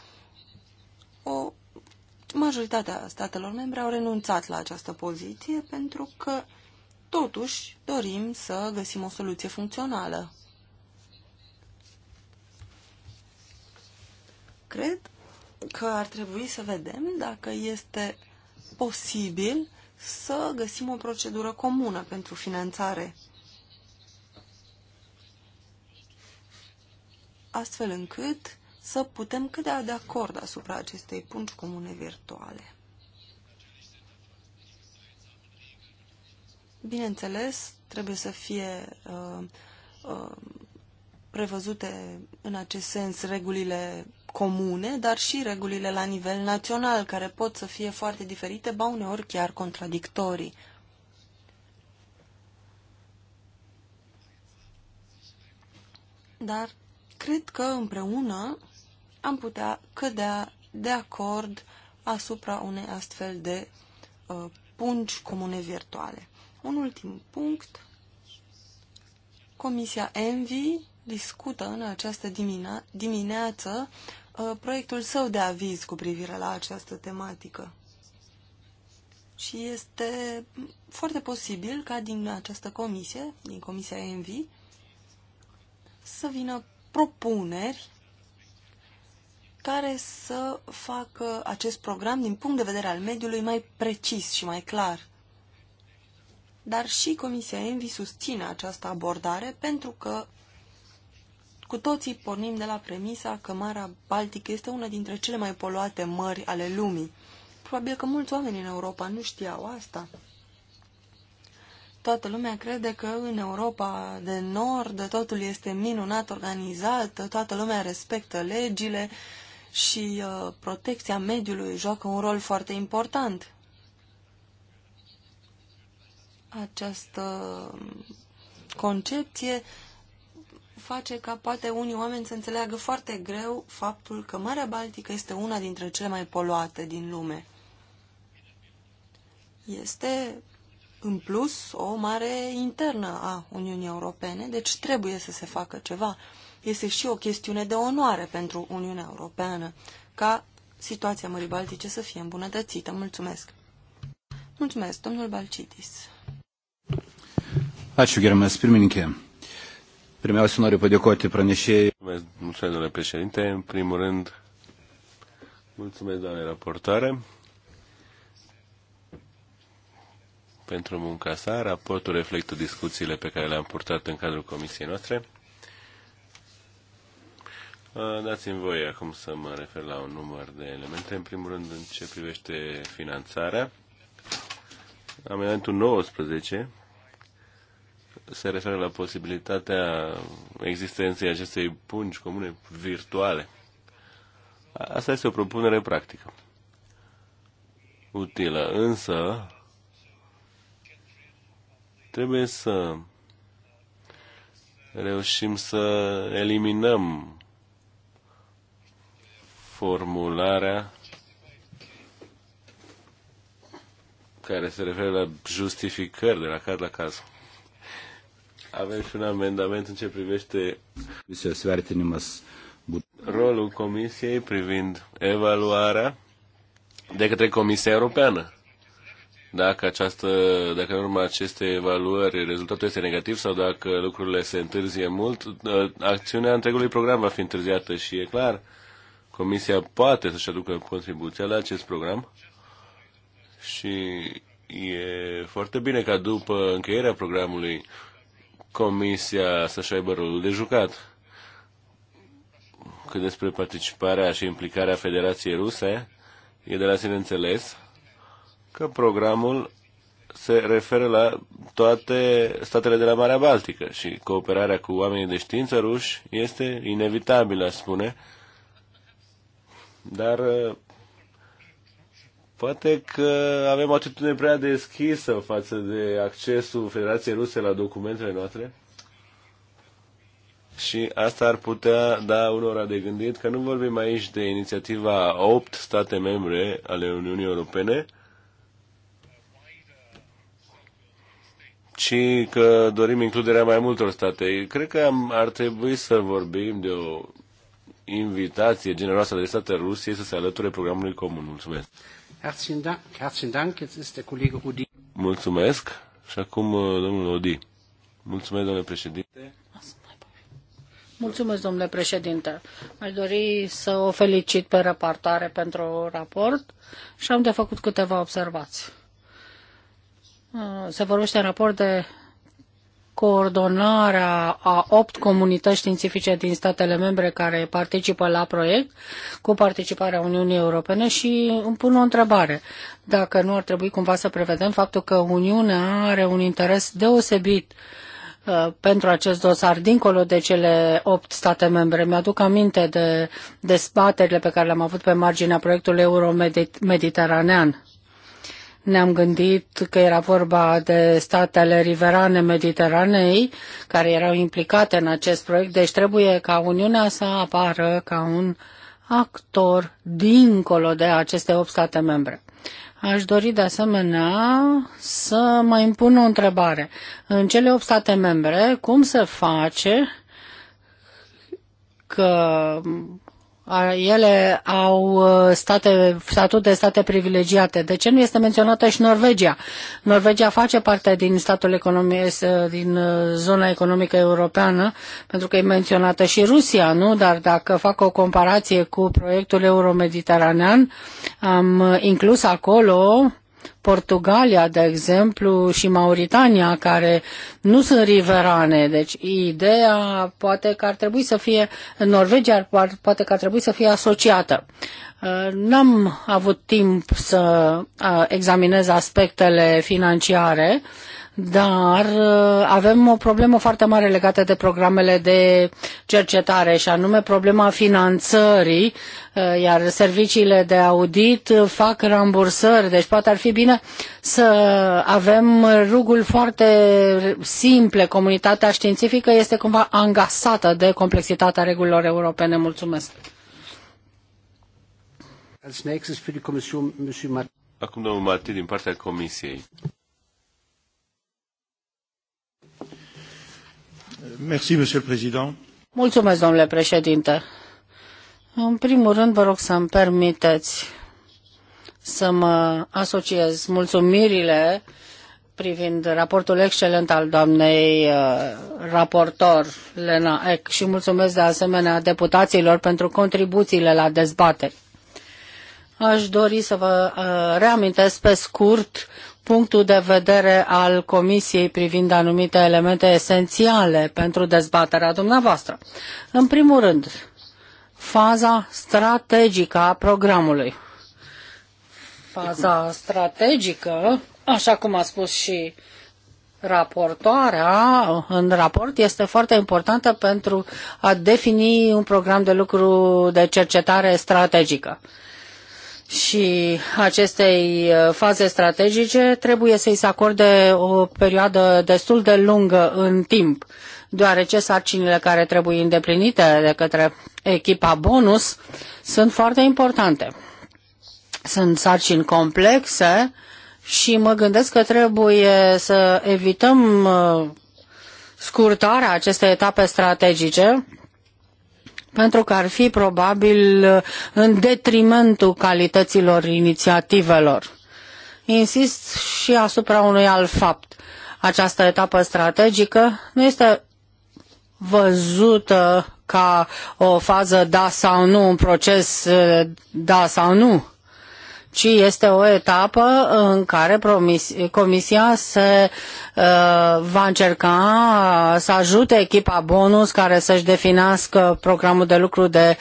B: o majoritatea statelor membre au renunțat la această poziție pentru că totuși dorim să găsim o soluție funcțională. Cred că ar trebui să vedem dacă este posibil să găsim o procedură comună pentru finanțare. astfel încât să putem cădea de acord asupra acestei pungi comune virtuale. Bineînțeles, trebuie să fie uh, uh, prevăzute în acest sens regulile comune, dar și regulile la nivel național, care pot să fie foarte diferite, ba uneori chiar contradictorii. Dar Cred că împreună am putea cădea de acord asupra unei astfel de uh, pungi comune virtuale. Un ultim punct. Comisia Envi discută în această dimine dimineață uh, proiectul său de aviz cu privire la această tematică. Și este foarte posibil ca din această comisie, din Comisia Envi, să vină propuneri care să facă acest program din punct de vedere al mediului mai precis și mai clar. Dar și Comisia Envi susține această abordare pentru că cu toții pornim de la premisa că Marea Baltică este una dintre cele mai poluate mări ale lumii. Probabil că mulți oameni în Europa nu știau asta. Toată lumea crede că în Europa de Nord totul este minunat organizat, toată lumea respectă legile și uh, protecția mediului joacă un rol foarte important. Această um, concepție face ca poate unii oameni să înțeleagă foarte greu faptul că Marea Baltică este una dintre cele mai poluate din lume. Este în plus o mare internă a Uniunii Europene, deci trebuie să se facă ceva. Este și o chestiune de onoare pentru Uniunea Europeană ca situația Mării Baltice să fie îmbunătățită. Mulțumesc! Mulțumesc, domnul Balcitis!
D: Ačiū, gerbiamas pirmininkė. Pirmiausia, noriu padėkoti pranešėjai. Mulțumesc, domnule președinte. În primul rând, mulțumesc, doamne raportoare. pentru munca sa. Raportul reflectă discuțiile pe care le-am purtat în cadrul comisiei noastre. Dați-mi voi acum să mă refer la un număr de elemente. În primul rând, în ce privește finanțarea, amendamentul 19 se referă la posibilitatea existenței acestei pungi comune virtuale. Asta este o propunere practică utilă, însă Trebuie să reușim să eliminăm formularea care se referă la justificări de la caz la caz. Avem și un amendament în ce privește rolul Comisiei privind evaluarea de către Comisia Europeană dacă, această, dacă în urma acestei evaluări rezultatul este negativ sau dacă lucrurile se întârzie mult, ă, acțiunea întregului program va fi întârziată și e clar, Comisia poate să-și aducă contribuția la acest program și e foarte bine ca după încheierea programului Comisia să-și aibă rolul de jucat. Cât despre participarea și implicarea Federației Ruse, e de la sine înțeles că programul se referă la toate statele de la Marea Baltică și cooperarea cu oamenii de știință ruși este inevitabilă, spune, dar uh, poate că avem o atitudine prea deschisă față de accesul Federației Ruse la documentele noastre și asta ar putea da unora de gândit că nu vorbim aici de inițiativa 8 state membre ale Uniunii Europene, ci că dorim includerea mai multor state. Cred că am, ar trebui să vorbim de o invitație generoasă de state Rusiei să se alăture programului comun. Mulțumesc! Mulțumesc! Și acum uh, domnul Odi. Mulțumesc, domnule președinte!
C: Mulțumesc, domnule președinte. Aș dori să o felicit pe raportare pentru raport și am de făcut câteva observații. Uh, se vorbește în raport de coordonarea a opt comunități științifice din statele membre care participă la proiect cu participarea Uniunii Europene și îmi pun o întrebare. Dacă nu ar trebui cumva să prevedem faptul că Uniunea are un interes deosebit uh, pentru acest dosar, dincolo de cele opt state membre. Mi-aduc aminte de dezbaterile pe care le-am avut pe marginea proiectului euro-mediteranean ne-am gândit că era vorba de statele riverane Mediteranei care erau implicate în acest proiect, deci trebuie ca Uniunea să apară ca un actor dincolo de aceste 8 state membre. Aș dori de asemenea să mai impun o întrebare. În cele 8 state membre, cum se face că ele au uh, state, statut de state privilegiate. De ce nu este menționată și Norvegia? Norvegia face parte din statul economic, din uh, zona economică europeană, pentru că e menționată și Rusia, nu? Dar dacă fac o comparație cu proiectul euromediteranean, am uh, inclus acolo uh, Portugalia, de exemplu, și Mauritania, care nu sunt riverane. Deci ideea poate că ar trebui să fie, în Norvegia poate că ar trebui să fie asociată. Uh, n-am avut timp să uh, examinez aspectele financiare, dar uh, avem o problemă foarte mare legată de programele de cercetare și anume problema finanțării Eh, iar serviciile de audit fac rambursări, deci poate ar fi bine să avem rugul foarte simple. Comunitatea științifică este cumva angasată de complexitatea regulilor europene.
A: Mulțumesc.
D: Acum domnul Martin din partea Comisiei.
C: Mulțumesc, domnule președinte. În primul rând, vă rog să-mi permiteți să mă asociez mulțumirile privind raportul excelent al doamnei uh, raportor Lena Eck și mulțumesc de asemenea deputaților pentru contribuțiile la dezbateri. Aș dori să vă uh, reamintesc pe scurt punctul de vedere al Comisiei privind anumite elemente esențiale pentru dezbaterea dumneavoastră. În primul rând, faza strategică a programului. Faza strategică, așa cum a spus și raportoarea în raport este foarte importantă pentru a defini un program de lucru de cercetare strategică. Și acestei uh, faze strategice trebuie să îi se acorde o perioadă destul de lungă în timp, deoarece sarcinile care trebuie îndeplinite de către echipa bonus sunt foarte importante. Sunt sarcini complexe și mă gândesc că trebuie să evităm uh, scurtarea acestei etape strategice pentru că ar fi probabil uh, în detrimentul calităților inițiativelor. Insist și asupra unui alt fapt. Această etapă strategică nu este văzută ca o fază da sau nu, un proces da sau nu, ci este o etapă în care Comisia se va încerca să ajute echipa bonus care să-și definească programul de lucru de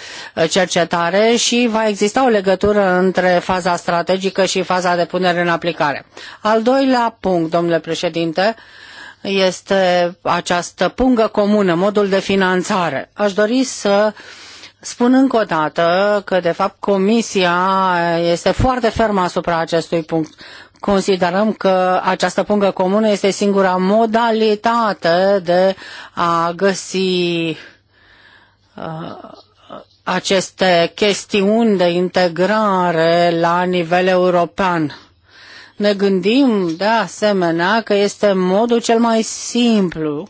C: cercetare și va exista o legătură între faza strategică și faza de punere în aplicare. Al doilea punct, domnule președinte, este această pungă comună, modul de finanțare. Aș dori să spun încă o dată că, de fapt, Comisia este foarte fermă asupra acestui punct. Considerăm că această pungă comună este singura modalitate de a găsi uh, aceste chestiuni de integrare la nivel european ne gândim de asemenea că este modul cel mai simplu,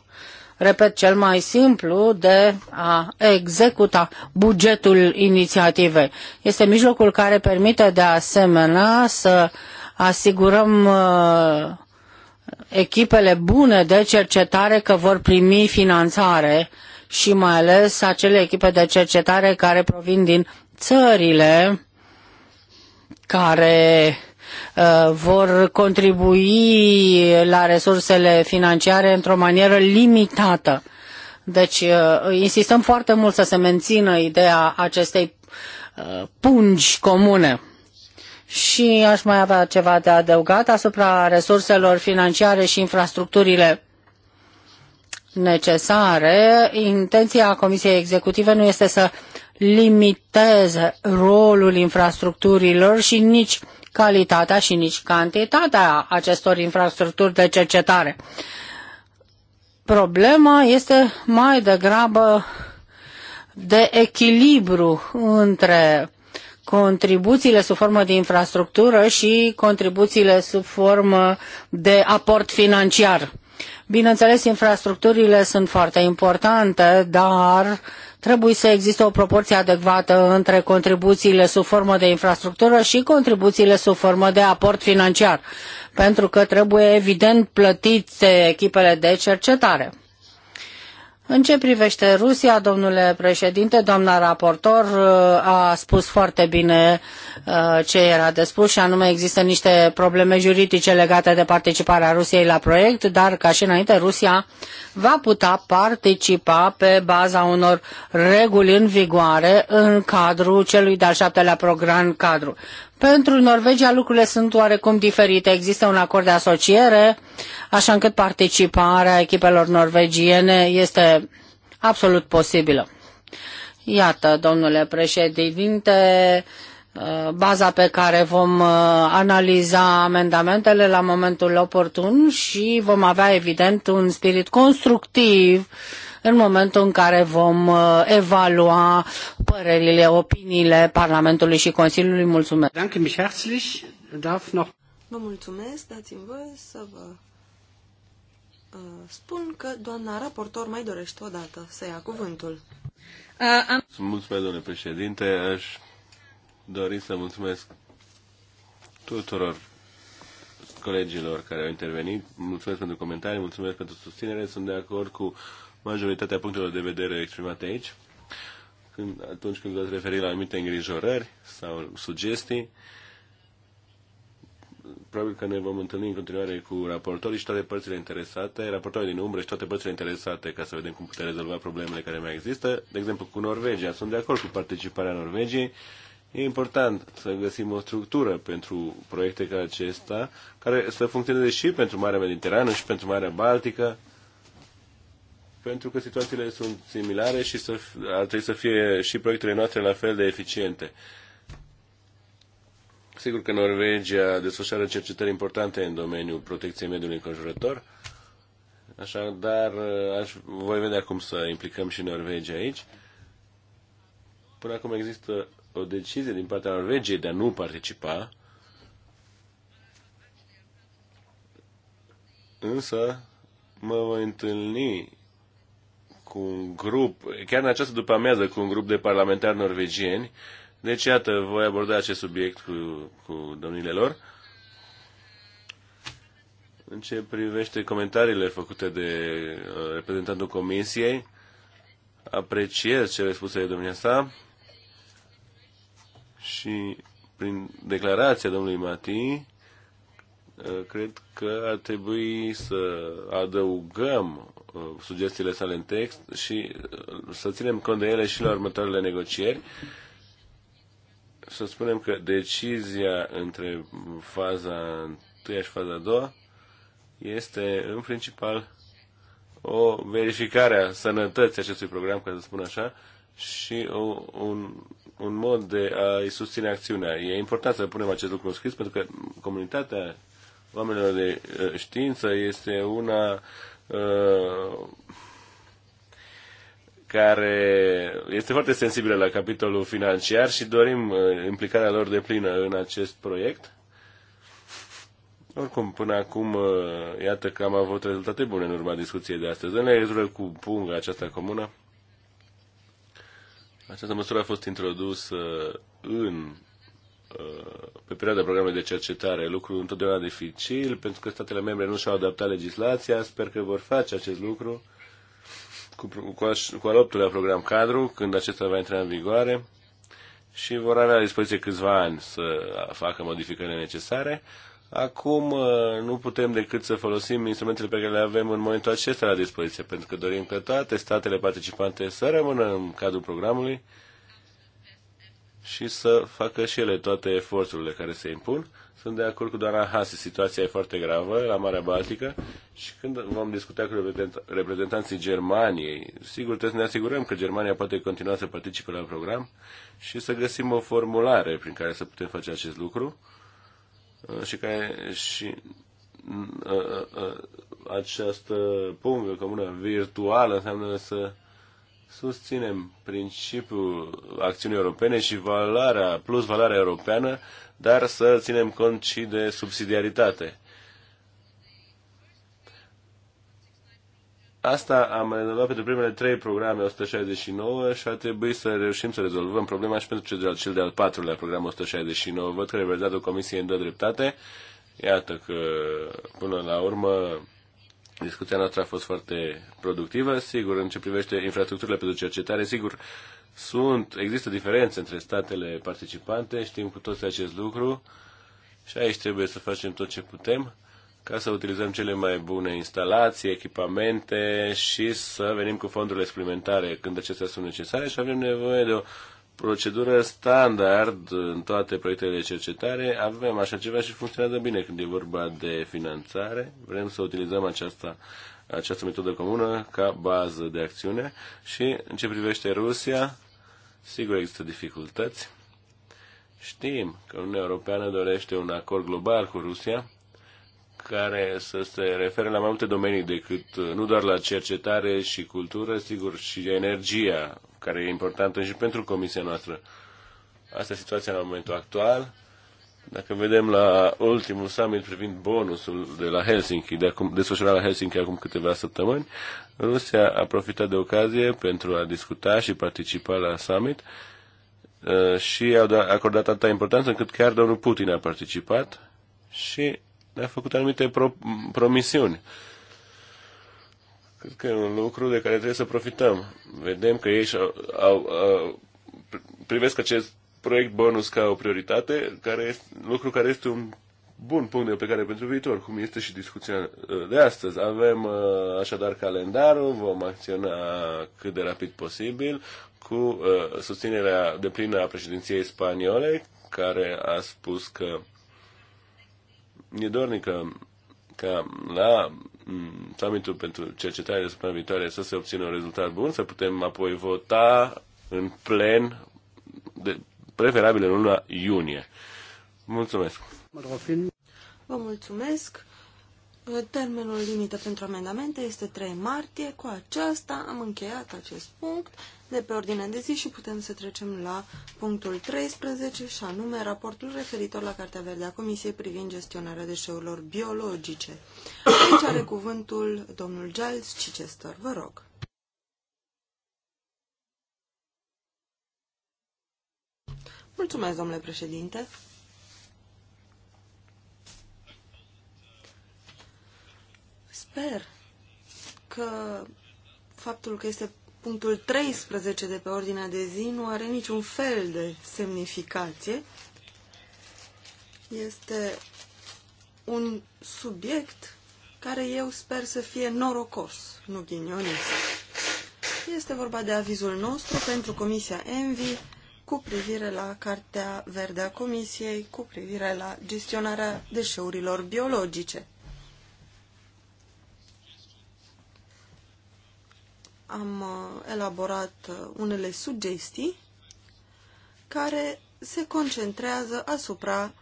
C: repet, cel mai simplu de a executa bugetul inițiativei. Este mijlocul care permite de asemenea să asigurăm uh, echipele bune de cercetare că vor primi finanțare și mai ales acele echipe de cercetare care provin din țările care Uh, vor contribui la resursele financiare într-o manieră limitată. Deci uh, insistăm foarte mult să se mențină ideea acestei uh, pungi comune. Și aș mai avea ceva de adăugat asupra resurselor financiare și infrastructurile necesare. Intenția Comisiei Executive nu este să uh, limitează rolul infrastructurilor și nici calitatea și nici cantitatea acestor infrastructuri de cercetare. Problema este mai degrabă de echilibru între contribuțiile sub formă de infrastructură și contribuțiile sub formă de aport financiar. Bineînțeles, infrastructurile sunt foarte importante, dar trebuie să existe o proporție adecvată între contribuțiile sub formă de infrastructură și contribuțiile sub formă de aport financiar, pentru că trebuie evident plătite echipele de cercetare. În ce privește Rusia, domnule președinte, doamna raportor uh, a spus foarte bine uh, ce era de spus și anume există niște probleme juridice legate de participarea Rusiei la proiect, dar ca și înainte Rusia va putea participa pe baza unor reguli în vigoare în cadrul celui de-al șaptelea program cadru. Pentru Norvegia lucrurile sunt oarecum diferite. Există un acord de asociere, așa încât participarea echipelor norvegiene este absolut posibilă. Iată, domnule președinte, uh, baza pe care vom uh, analiza amendamentele la momentul oportun și vom avea, evident, un spirit constructiv uh, în momentul în care vom uh, evalua părerile, opiniile Parlamentului și Consiliului. Mulțumesc!
B: Vă mulțumesc, dați-mi voie să vă uh, spun că doamna raportor mai dorește o dată să ia cuvântul. Uh, am...
D: Mulțumesc, domnule președinte. Aș dori să mulțumesc tuturor colegilor care au intervenit. Mulțumesc pentru comentarii, mulțumesc pentru susținere. Sunt de acord cu majoritatea punctelor de vedere exprimate aici, când, atunci când v-ați referit la anumite îngrijorări sau sugestii. Probabil că ne vom întâlni în continuare cu raportorii și toate părțile interesate, raportorii din umbră și toate părțile interesate ca să vedem cum putem rezolva problemele care mai există. De exemplu, cu Norvegia. Sunt de acord cu participarea Norvegiei. E important să găsim o structură pentru proiecte ca acesta, care să funcționeze și pentru Marea Mediterană și pentru Marea Baltică, pentru că situațiile sunt similare și să, ar trebui să fie și proiectele noastre la fel de eficiente. Sigur că Norvegia desfășoară cercetări importante în domeniul protecției mediului înconjurător, dar uh, aș, voi vedea cum să implicăm și Norvegia aici. Până acum există o decizie din partea Norvegiei de a nu participa, însă mă voi întâlni cu un grup, chiar în această după amiază, cu un grup de parlamentari norvegieni. Deci, iată, voi aborda acest subiect cu, cu domnile lor. În ce privește comentariile făcute de uh, reprezentantul Comisiei, apreciez cele spuse de domnia sa și prin declarația domnului Mati, uh, cred că ar trebui să adăugăm Uh, sugestiile sale în text și uh, să ținem cont de ele și la următoarele negocieri. Să spunem că decizia între faza 1 și faza 2 este în principal o verificare a sănătății acestui program, ca să spun așa, și o, un, un mod de a-i susține acțiunea. E important să punem acest lucru în scris, pentru că comunitatea oamenilor de uh, știință este una Uh, care este foarte sensibilă la capitolul financiar și dorim uh, implicarea lor de plină în acest proiect. Oricum, până acum, uh, iată că am avut rezultate bune în urma discuției de astăzi. În legătură cu punga aceasta comună, această măsură a fost introdusă în Uh, pe perioada programului de cercetare, lucru întotdeauna dificil, pentru că statele membre nu și-au adaptat legislația, sper că vor face acest lucru cu, cu, cu al optulea program cadru, când acesta va intra în vigoare și vor avea la dispoziție câțiva ani să facă modificările necesare. Acum uh, nu putem decât să folosim instrumentele pe care le avem în momentul acesta la dispoziție, pentru că dorim că toate statele participante să rămână în cadrul programului și să facă și ele toate eforturile care se impun. Sunt de acord cu doamna Hasi, situația e foarte gravă la Marea Baltică și când vom discuta cu reprezentanții Germaniei, sigur trebuie să ne asigurăm că Germania poate continua să participe la program și să găsim o formulare prin care să putem face acest lucru uh, și care și uh, uh, această pungă comună virtuală înseamnă să susținem principiul acțiunii europene și valoarea, plus valoarea europeană, dar să ținem cont și de subsidiaritate. Asta am rezolvat pentru primele trei programe 169 și a trebuit să reușim să rezolvăm problema și pentru cel de-al, patrulea program 169. Văd că reprezentantul Comisiei îmi dă dreptate. Iată că până la urmă Discuția noastră a fost foarte productivă. Sigur, în ce privește infrastructurile pentru cercetare, sigur, sunt, există diferențe între statele participante, știm cu toți acest lucru și aici trebuie să facem tot ce putem ca să utilizăm cele mai bune instalații, echipamente și să venim cu fondurile suplimentare când acestea sunt necesare și avem nevoie de o procedură standard în toate proiectele de cercetare. Avem așa ceva și funcționează bine când e vorba de finanțare. Vrem să utilizăm aceasta, această metodă comună ca bază de acțiune. Și în ce privește Rusia, sigur există dificultăți. Știm că Uniunea Europeană dorește un acord global cu Rusia care să se refere la mai multe domenii decât nu doar la cercetare și cultură, sigur, și energia care e importantă și pentru comisia noastră. Asta e situația la momentul actual. Dacă vedem la ultimul summit privind bonusul de la Helsinki, de acum, desfășurat la Helsinki acum câteva săptămâni, Rusia a profitat de ocazie pentru a discuta și participa la summit uh, și da, a acordat atâta importanță încât chiar domnul Putin a participat și a făcut anumite pro- promisiuni Cred că e un lucru de care trebuie să profităm. Vedem că ei au, au, au, privesc acest proiect bonus ca o prioritate, care este, lucru care este un bun punct de plecare pentru viitor, cum este și discuția uh, de astăzi. Avem uh, așadar calendarul, vom acționa cât de rapid posibil cu uh, susținerea de plină a președinției spaniole, care a spus că e dornică ca la mm, summitul pentru cercetare de săptămâna viitoare să se obțină un rezultat bun, să putem apoi vota în plen, de, preferabil în luna iunie. Mulțumesc!
B: Vă mulțumesc! Termenul limită pentru amendamente este 3 martie. Cu aceasta am încheiat acest punct de pe ordinea de zi și putem să trecem la punctul 13 și anume raportul referitor la Cartea Verde a Comisiei privind gestionarea deșeurilor biologice. Aici are cuvântul domnul Giles Chichester. Vă rog. Mulțumesc, domnule președinte. sper că faptul că este punctul 13 de pe ordinea de zi nu are niciun fel de semnificație. Este un subiect care eu sper să fie norocos, nu ghinionist. Este vorba de avizul nostru pentru Comisia Envi cu privire la Cartea Verde a Comisiei, cu privire la gestionarea deșeurilor biologice. am uh, elaborat uh, unele sugestii care se concentrează asupra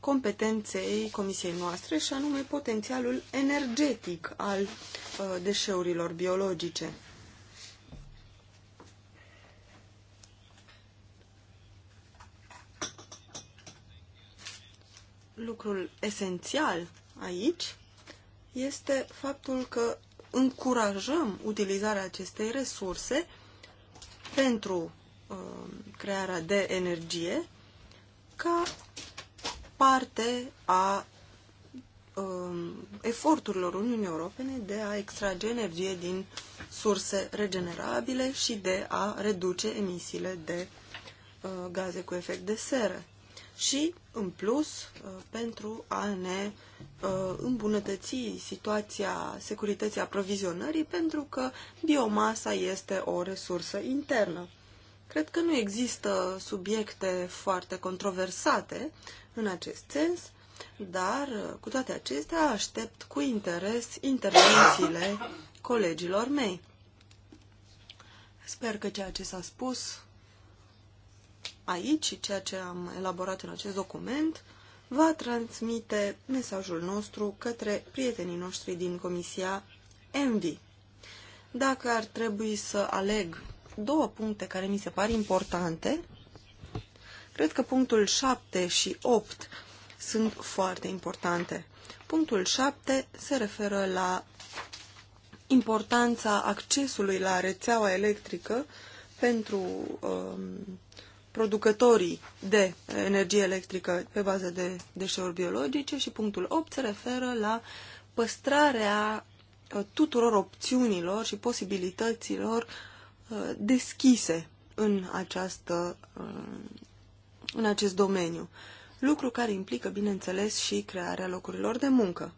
B: competenței comisiei noastre și anume potențialul energetic al uh, deșeurilor biologice. Lucrul esențial aici este faptul că încurajăm utilizarea acestei resurse pentru uh, crearea de energie ca parte a uh, eforturilor Uniunii Europene de a extrage energie din surse regenerabile și de a reduce emisiile de uh, gaze cu efect de seră și, în plus, uh, pentru a ne uh, îmbunătăți situația securității aprovizionării, pentru că biomasa este o resursă internă. Cred că nu există subiecte foarte controversate în acest sens, dar, uh, cu toate acestea, aștept cu interes intervențiile colegilor mei. Sper că ceea ce s-a spus aici și ceea ce am elaborat în acest document va transmite mesajul nostru către prietenii noștri din Comisia ENVI. Dacă ar trebui să aleg două puncte care mi se par importante, cred că punctul 7 și 8 sunt foarte importante. Punctul 7 se referă la importanța accesului la rețeaua electrică pentru uh, producătorii de energie electrică pe bază de deșeuri biologice și punctul 8 se referă la păstrarea uh, tuturor opțiunilor și posibilităților uh, deschise în, această, uh, în acest domeniu, lucru care implică, bineînțeles, și crearea locurilor de muncă.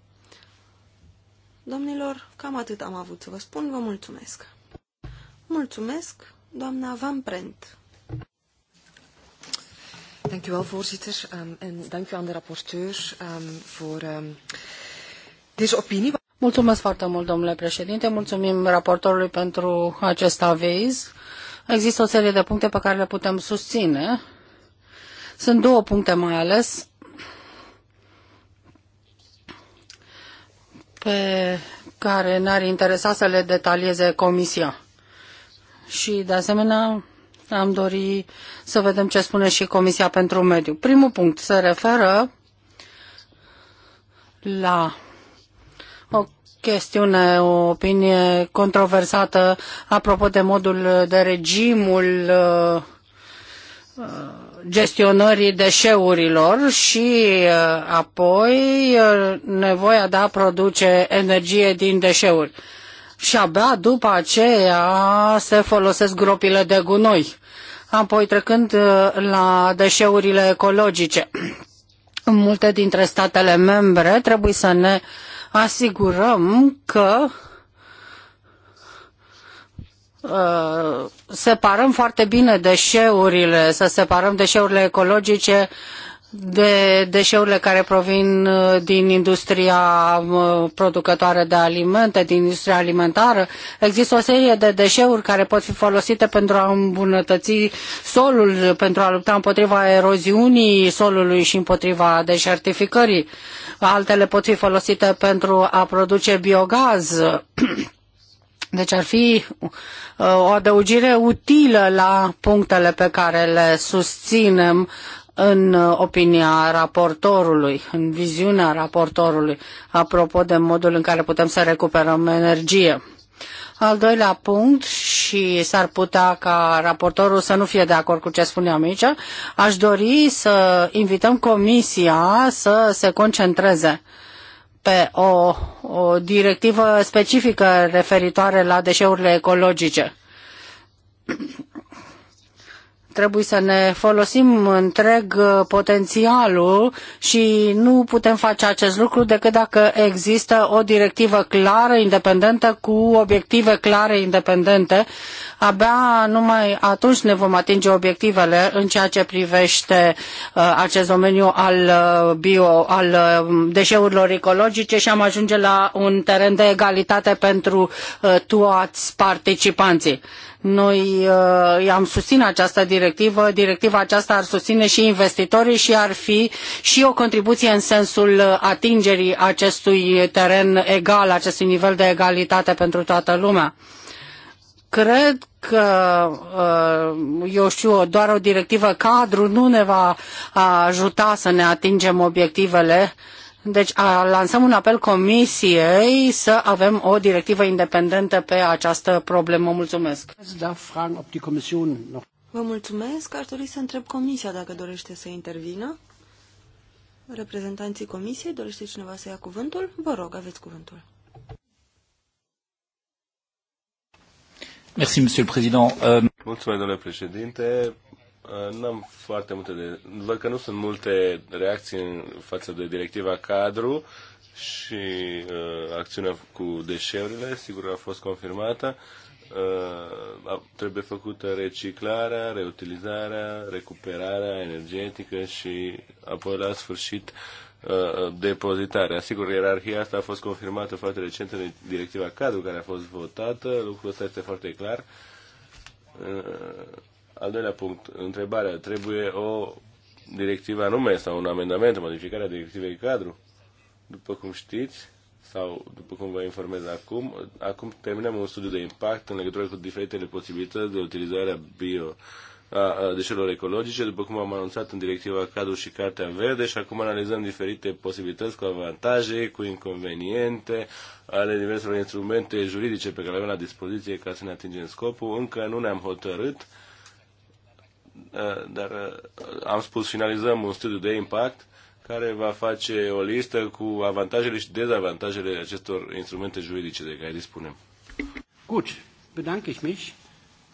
B: Domnilor, cam atât am avut să vă spun, vă mulțumesc. Mulțumesc, doamna Van Prent dank u wel, voorzitter. Um, en dank u aan de rapporteur um, ehm,
C: voor um, deze opinie. Mulțumesc foarte mult, domnule președinte. Mulțumim raportorului pentru acest aviz. Există o serie de puncte pe care le putem susține. Sunt două puncte mai ales pe care ne-ar interesa să le detalieze Comisia. Și, de asemenea, am dori să vedem ce spune și Comisia pentru Mediu. Primul punct se referă la o chestiune, o opinie controversată apropo de modul de regimul uh, gestionării deșeurilor și uh, apoi uh, nevoia de a produce energie din deșeuri și abia după aceea se folosesc gropile de gunoi. Apoi trecând uh, la deșeurile ecologice. În multe dintre statele membre trebuie să ne asigurăm că uh, separăm foarte bine deșeurile, să separăm deșeurile ecologice de deșeurile care provin uh, din industria uh, producătoare de alimente, din industria alimentară. Există o serie de deșeuri care pot fi folosite pentru a îmbunătăți solul, pentru a lupta împotriva eroziunii solului și împotriva deșertificării. Altele pot fi folosite pentru a produce biogaz. Deci ar fi uh, o adăugire utilă la punctele pe care le susținem în uh, opinia raportorului, în viziunea raportorului, apropo de modul în care putem să recuperăm energie. Al doilea punct, și s-ar putea ca raportorul să nu fie de acord cu ce spuneam aici, aș dori să invităm Comisia să se concentreze pe o, o directivă specifică referitoare la deșeurile ecologice Trebuie să ne folosim întreg uh, potențialul și nu putem face acest lucru decât dacă există o directivă clară, independentă, cu obiective clare, independente. Abia numai atunci ne vom atinge obiectivele în ceea ce privește uh, acest domeniu al uh, bio, al um, deșeurilor ecologice și am ajunge la un teren de egalitate pentru toți participanții. Noi uh, am susține această directivă, directiva aceasta ar susține și investitorii și ar fi și o contribuție în sensul atingerii acestui teren egal, acestui nivel de egalitate pentru toată lumea. Cred că, uh, eu știu, doar o directivă cadru nu ne va ajuta să ne atingem obiectivele uh, deci a, lansăm un apel comisiei să avem o directivă independentă pe
A: această problemă. Mulțumesc. Da,
B: Vă mulțumesc. Aș dori să întreb comisia dacă dorește să intervină. Reprezentanții comisiei, dorește cineva să ia cuvântul? Vă rog, aveți cuvântul.
D: Merci, euh, Mulțumesc, domnule președinte. Uh, n-am foarte multe de... Văd că nu sunt multe reacții față de directiva cadru și uh, acțiunea cu deșeurile, sigur, a fost confirmată. Uh, trebuie făcută reciclarea, reutilizarea, recuperarea energetică și apoi la sfârșit uh, depozitarea. Sigur, ierarhia asta a fost confirmată foarte recent în directiva cadru care a fost votată, lucrul ăsta este foarte clar. Uh, al doilea punct, întrebarea, trebuie o directivă anume sau un amendament, o modificare a directivei cadru? După cum știți, sau după cum vă informez acum, acum terminăm un studiu de impact în legătură cu diferitele posibilități de utilizare a bio a deșelor ecologice, după cum am anunțat în directiva cadru și Cartea Verde și acum analizăm diferite posibilități cu avantaje, cu inconveniente ale diverselor instrumente juridice pe care le avem la dispoziție ca să ne atingem scopul. Încă nu ne-am hotărât Eh, dar eh, am spus finalizăm un studiu de impact care va face o listă cu avantajele și dezavantajele acestor instrumente juridice de care dispunem.
A: Gut, bedanke ich mich.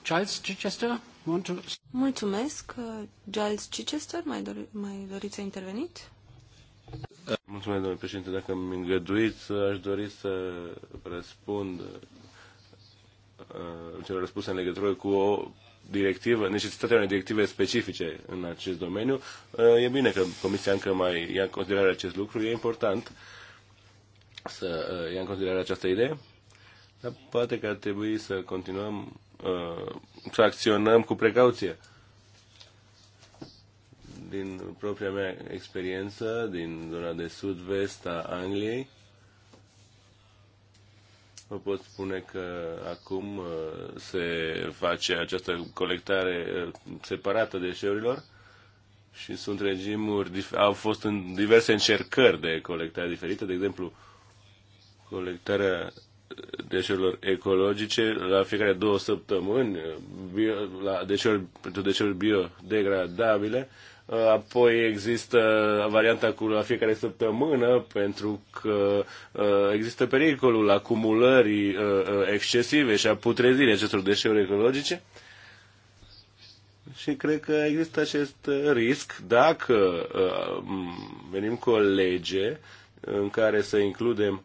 A: Charles Chichester, to...
B: Mulțumesc. Giles Chichester, mai, dori, mai doriți să interveniți?
D: Mulțumesc, domnule președinte. Dacă îmi îngăduiți, aș dori să răspund uh, eh, ce răspuns în legătură cu o directivă, necesitatea unei directive specifice în acest domeniu. Uh, e bine că Comisia încă mai ia în considerare acest lucru, e important să uh, ia în considerare această idee, dar poate că ar trebui să continuăm uh, să acționăm cu precauție. Din propria mea experiență, din zona de sud-vest a Angliei, Vă pot spune că acum uh, se face această colectare uh, separată deșeurilor și sunt regimuri, au fost în diverse încercări de colectare diferite, de exemplu, colectarea deșeurilor ecologice la fiecare două săptămâni, uh, bio, la deșeuri, pentru deșeuri biodegradabile, Apoi există varianta cu la fiecare săptămână, pentru că uh, există pericolul acumulării uh, uh, excesive și a putrezirii acestor deșeuri ecologice. Și cred că există acest risc dacă venim cu o lege în care să includem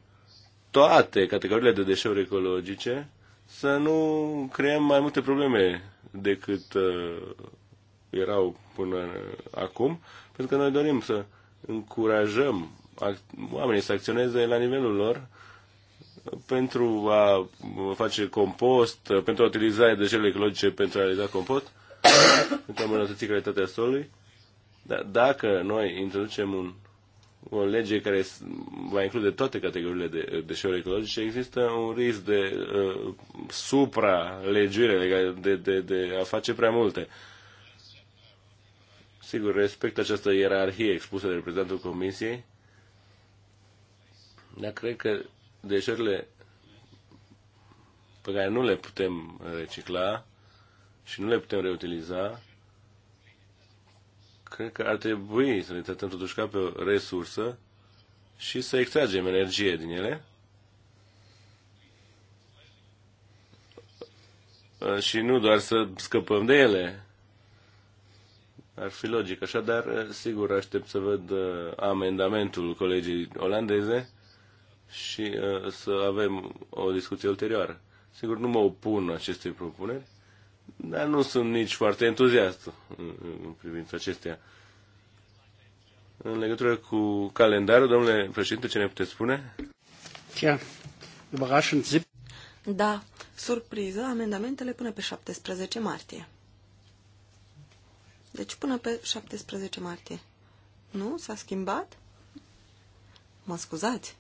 D: toate categoriile de deșeuri ecologice, să nu creăm mai multe probleme decât erau până acum, pentru că noi dorim să încurajăm oamenii să acționeze la nivelul lor pentru a face compost, pentru a utiliza deșeurile ecologice pentru a realiza compost, pentru a îmbunătăți calitatea solului. Dar dacă noi introducem un, o lege care va include toate categoriile de deșeuri ecologice, există un risc de uh, supra-legiuire, de, de, de a face prea multe. Uh, Sigur, respect această ierarhie expusă de reprezentantul Comisiei, dar cred că deșeurile pe care nu le putem recicla și nu le putem reutiliza, cred că ar trebui să le tratăm totuși ca pe o resursă și să extragem energie din ele. Și nu doar să scăpăm de ele ar fi logic. Așadar, eh, sigur, aștept să văd eh, amendamentul colegii olandeze și eh, să avem o discuție ulterioară. Sigur, nu mă opun acestei propuneri, dar nu sunt nici foarte entuziast în privința acesteia. În legătură cu calendarul, domnule președinte, ce ne puteți spune? Tia,
B: Da, surpriză, amendamentele până pe 17 martie. Deci până pe 17 martie. Nu? S-a schimbat? Mă scuzați.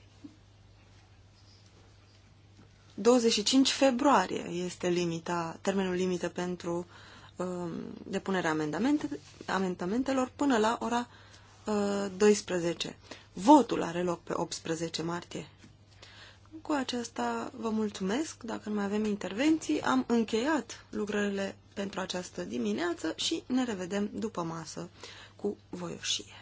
B: 25 februarie este limita, termenul limită pentru uh, depunerea amendamente, amendamentelor până la ora uh, 12. Votul are loc pe 18 martie. Cu aceasta vă mulțumesc. Dacă nu mai avem intervenții, am încheiat lucrările pentru această dimineață și ne revedem după masă cu voioșie.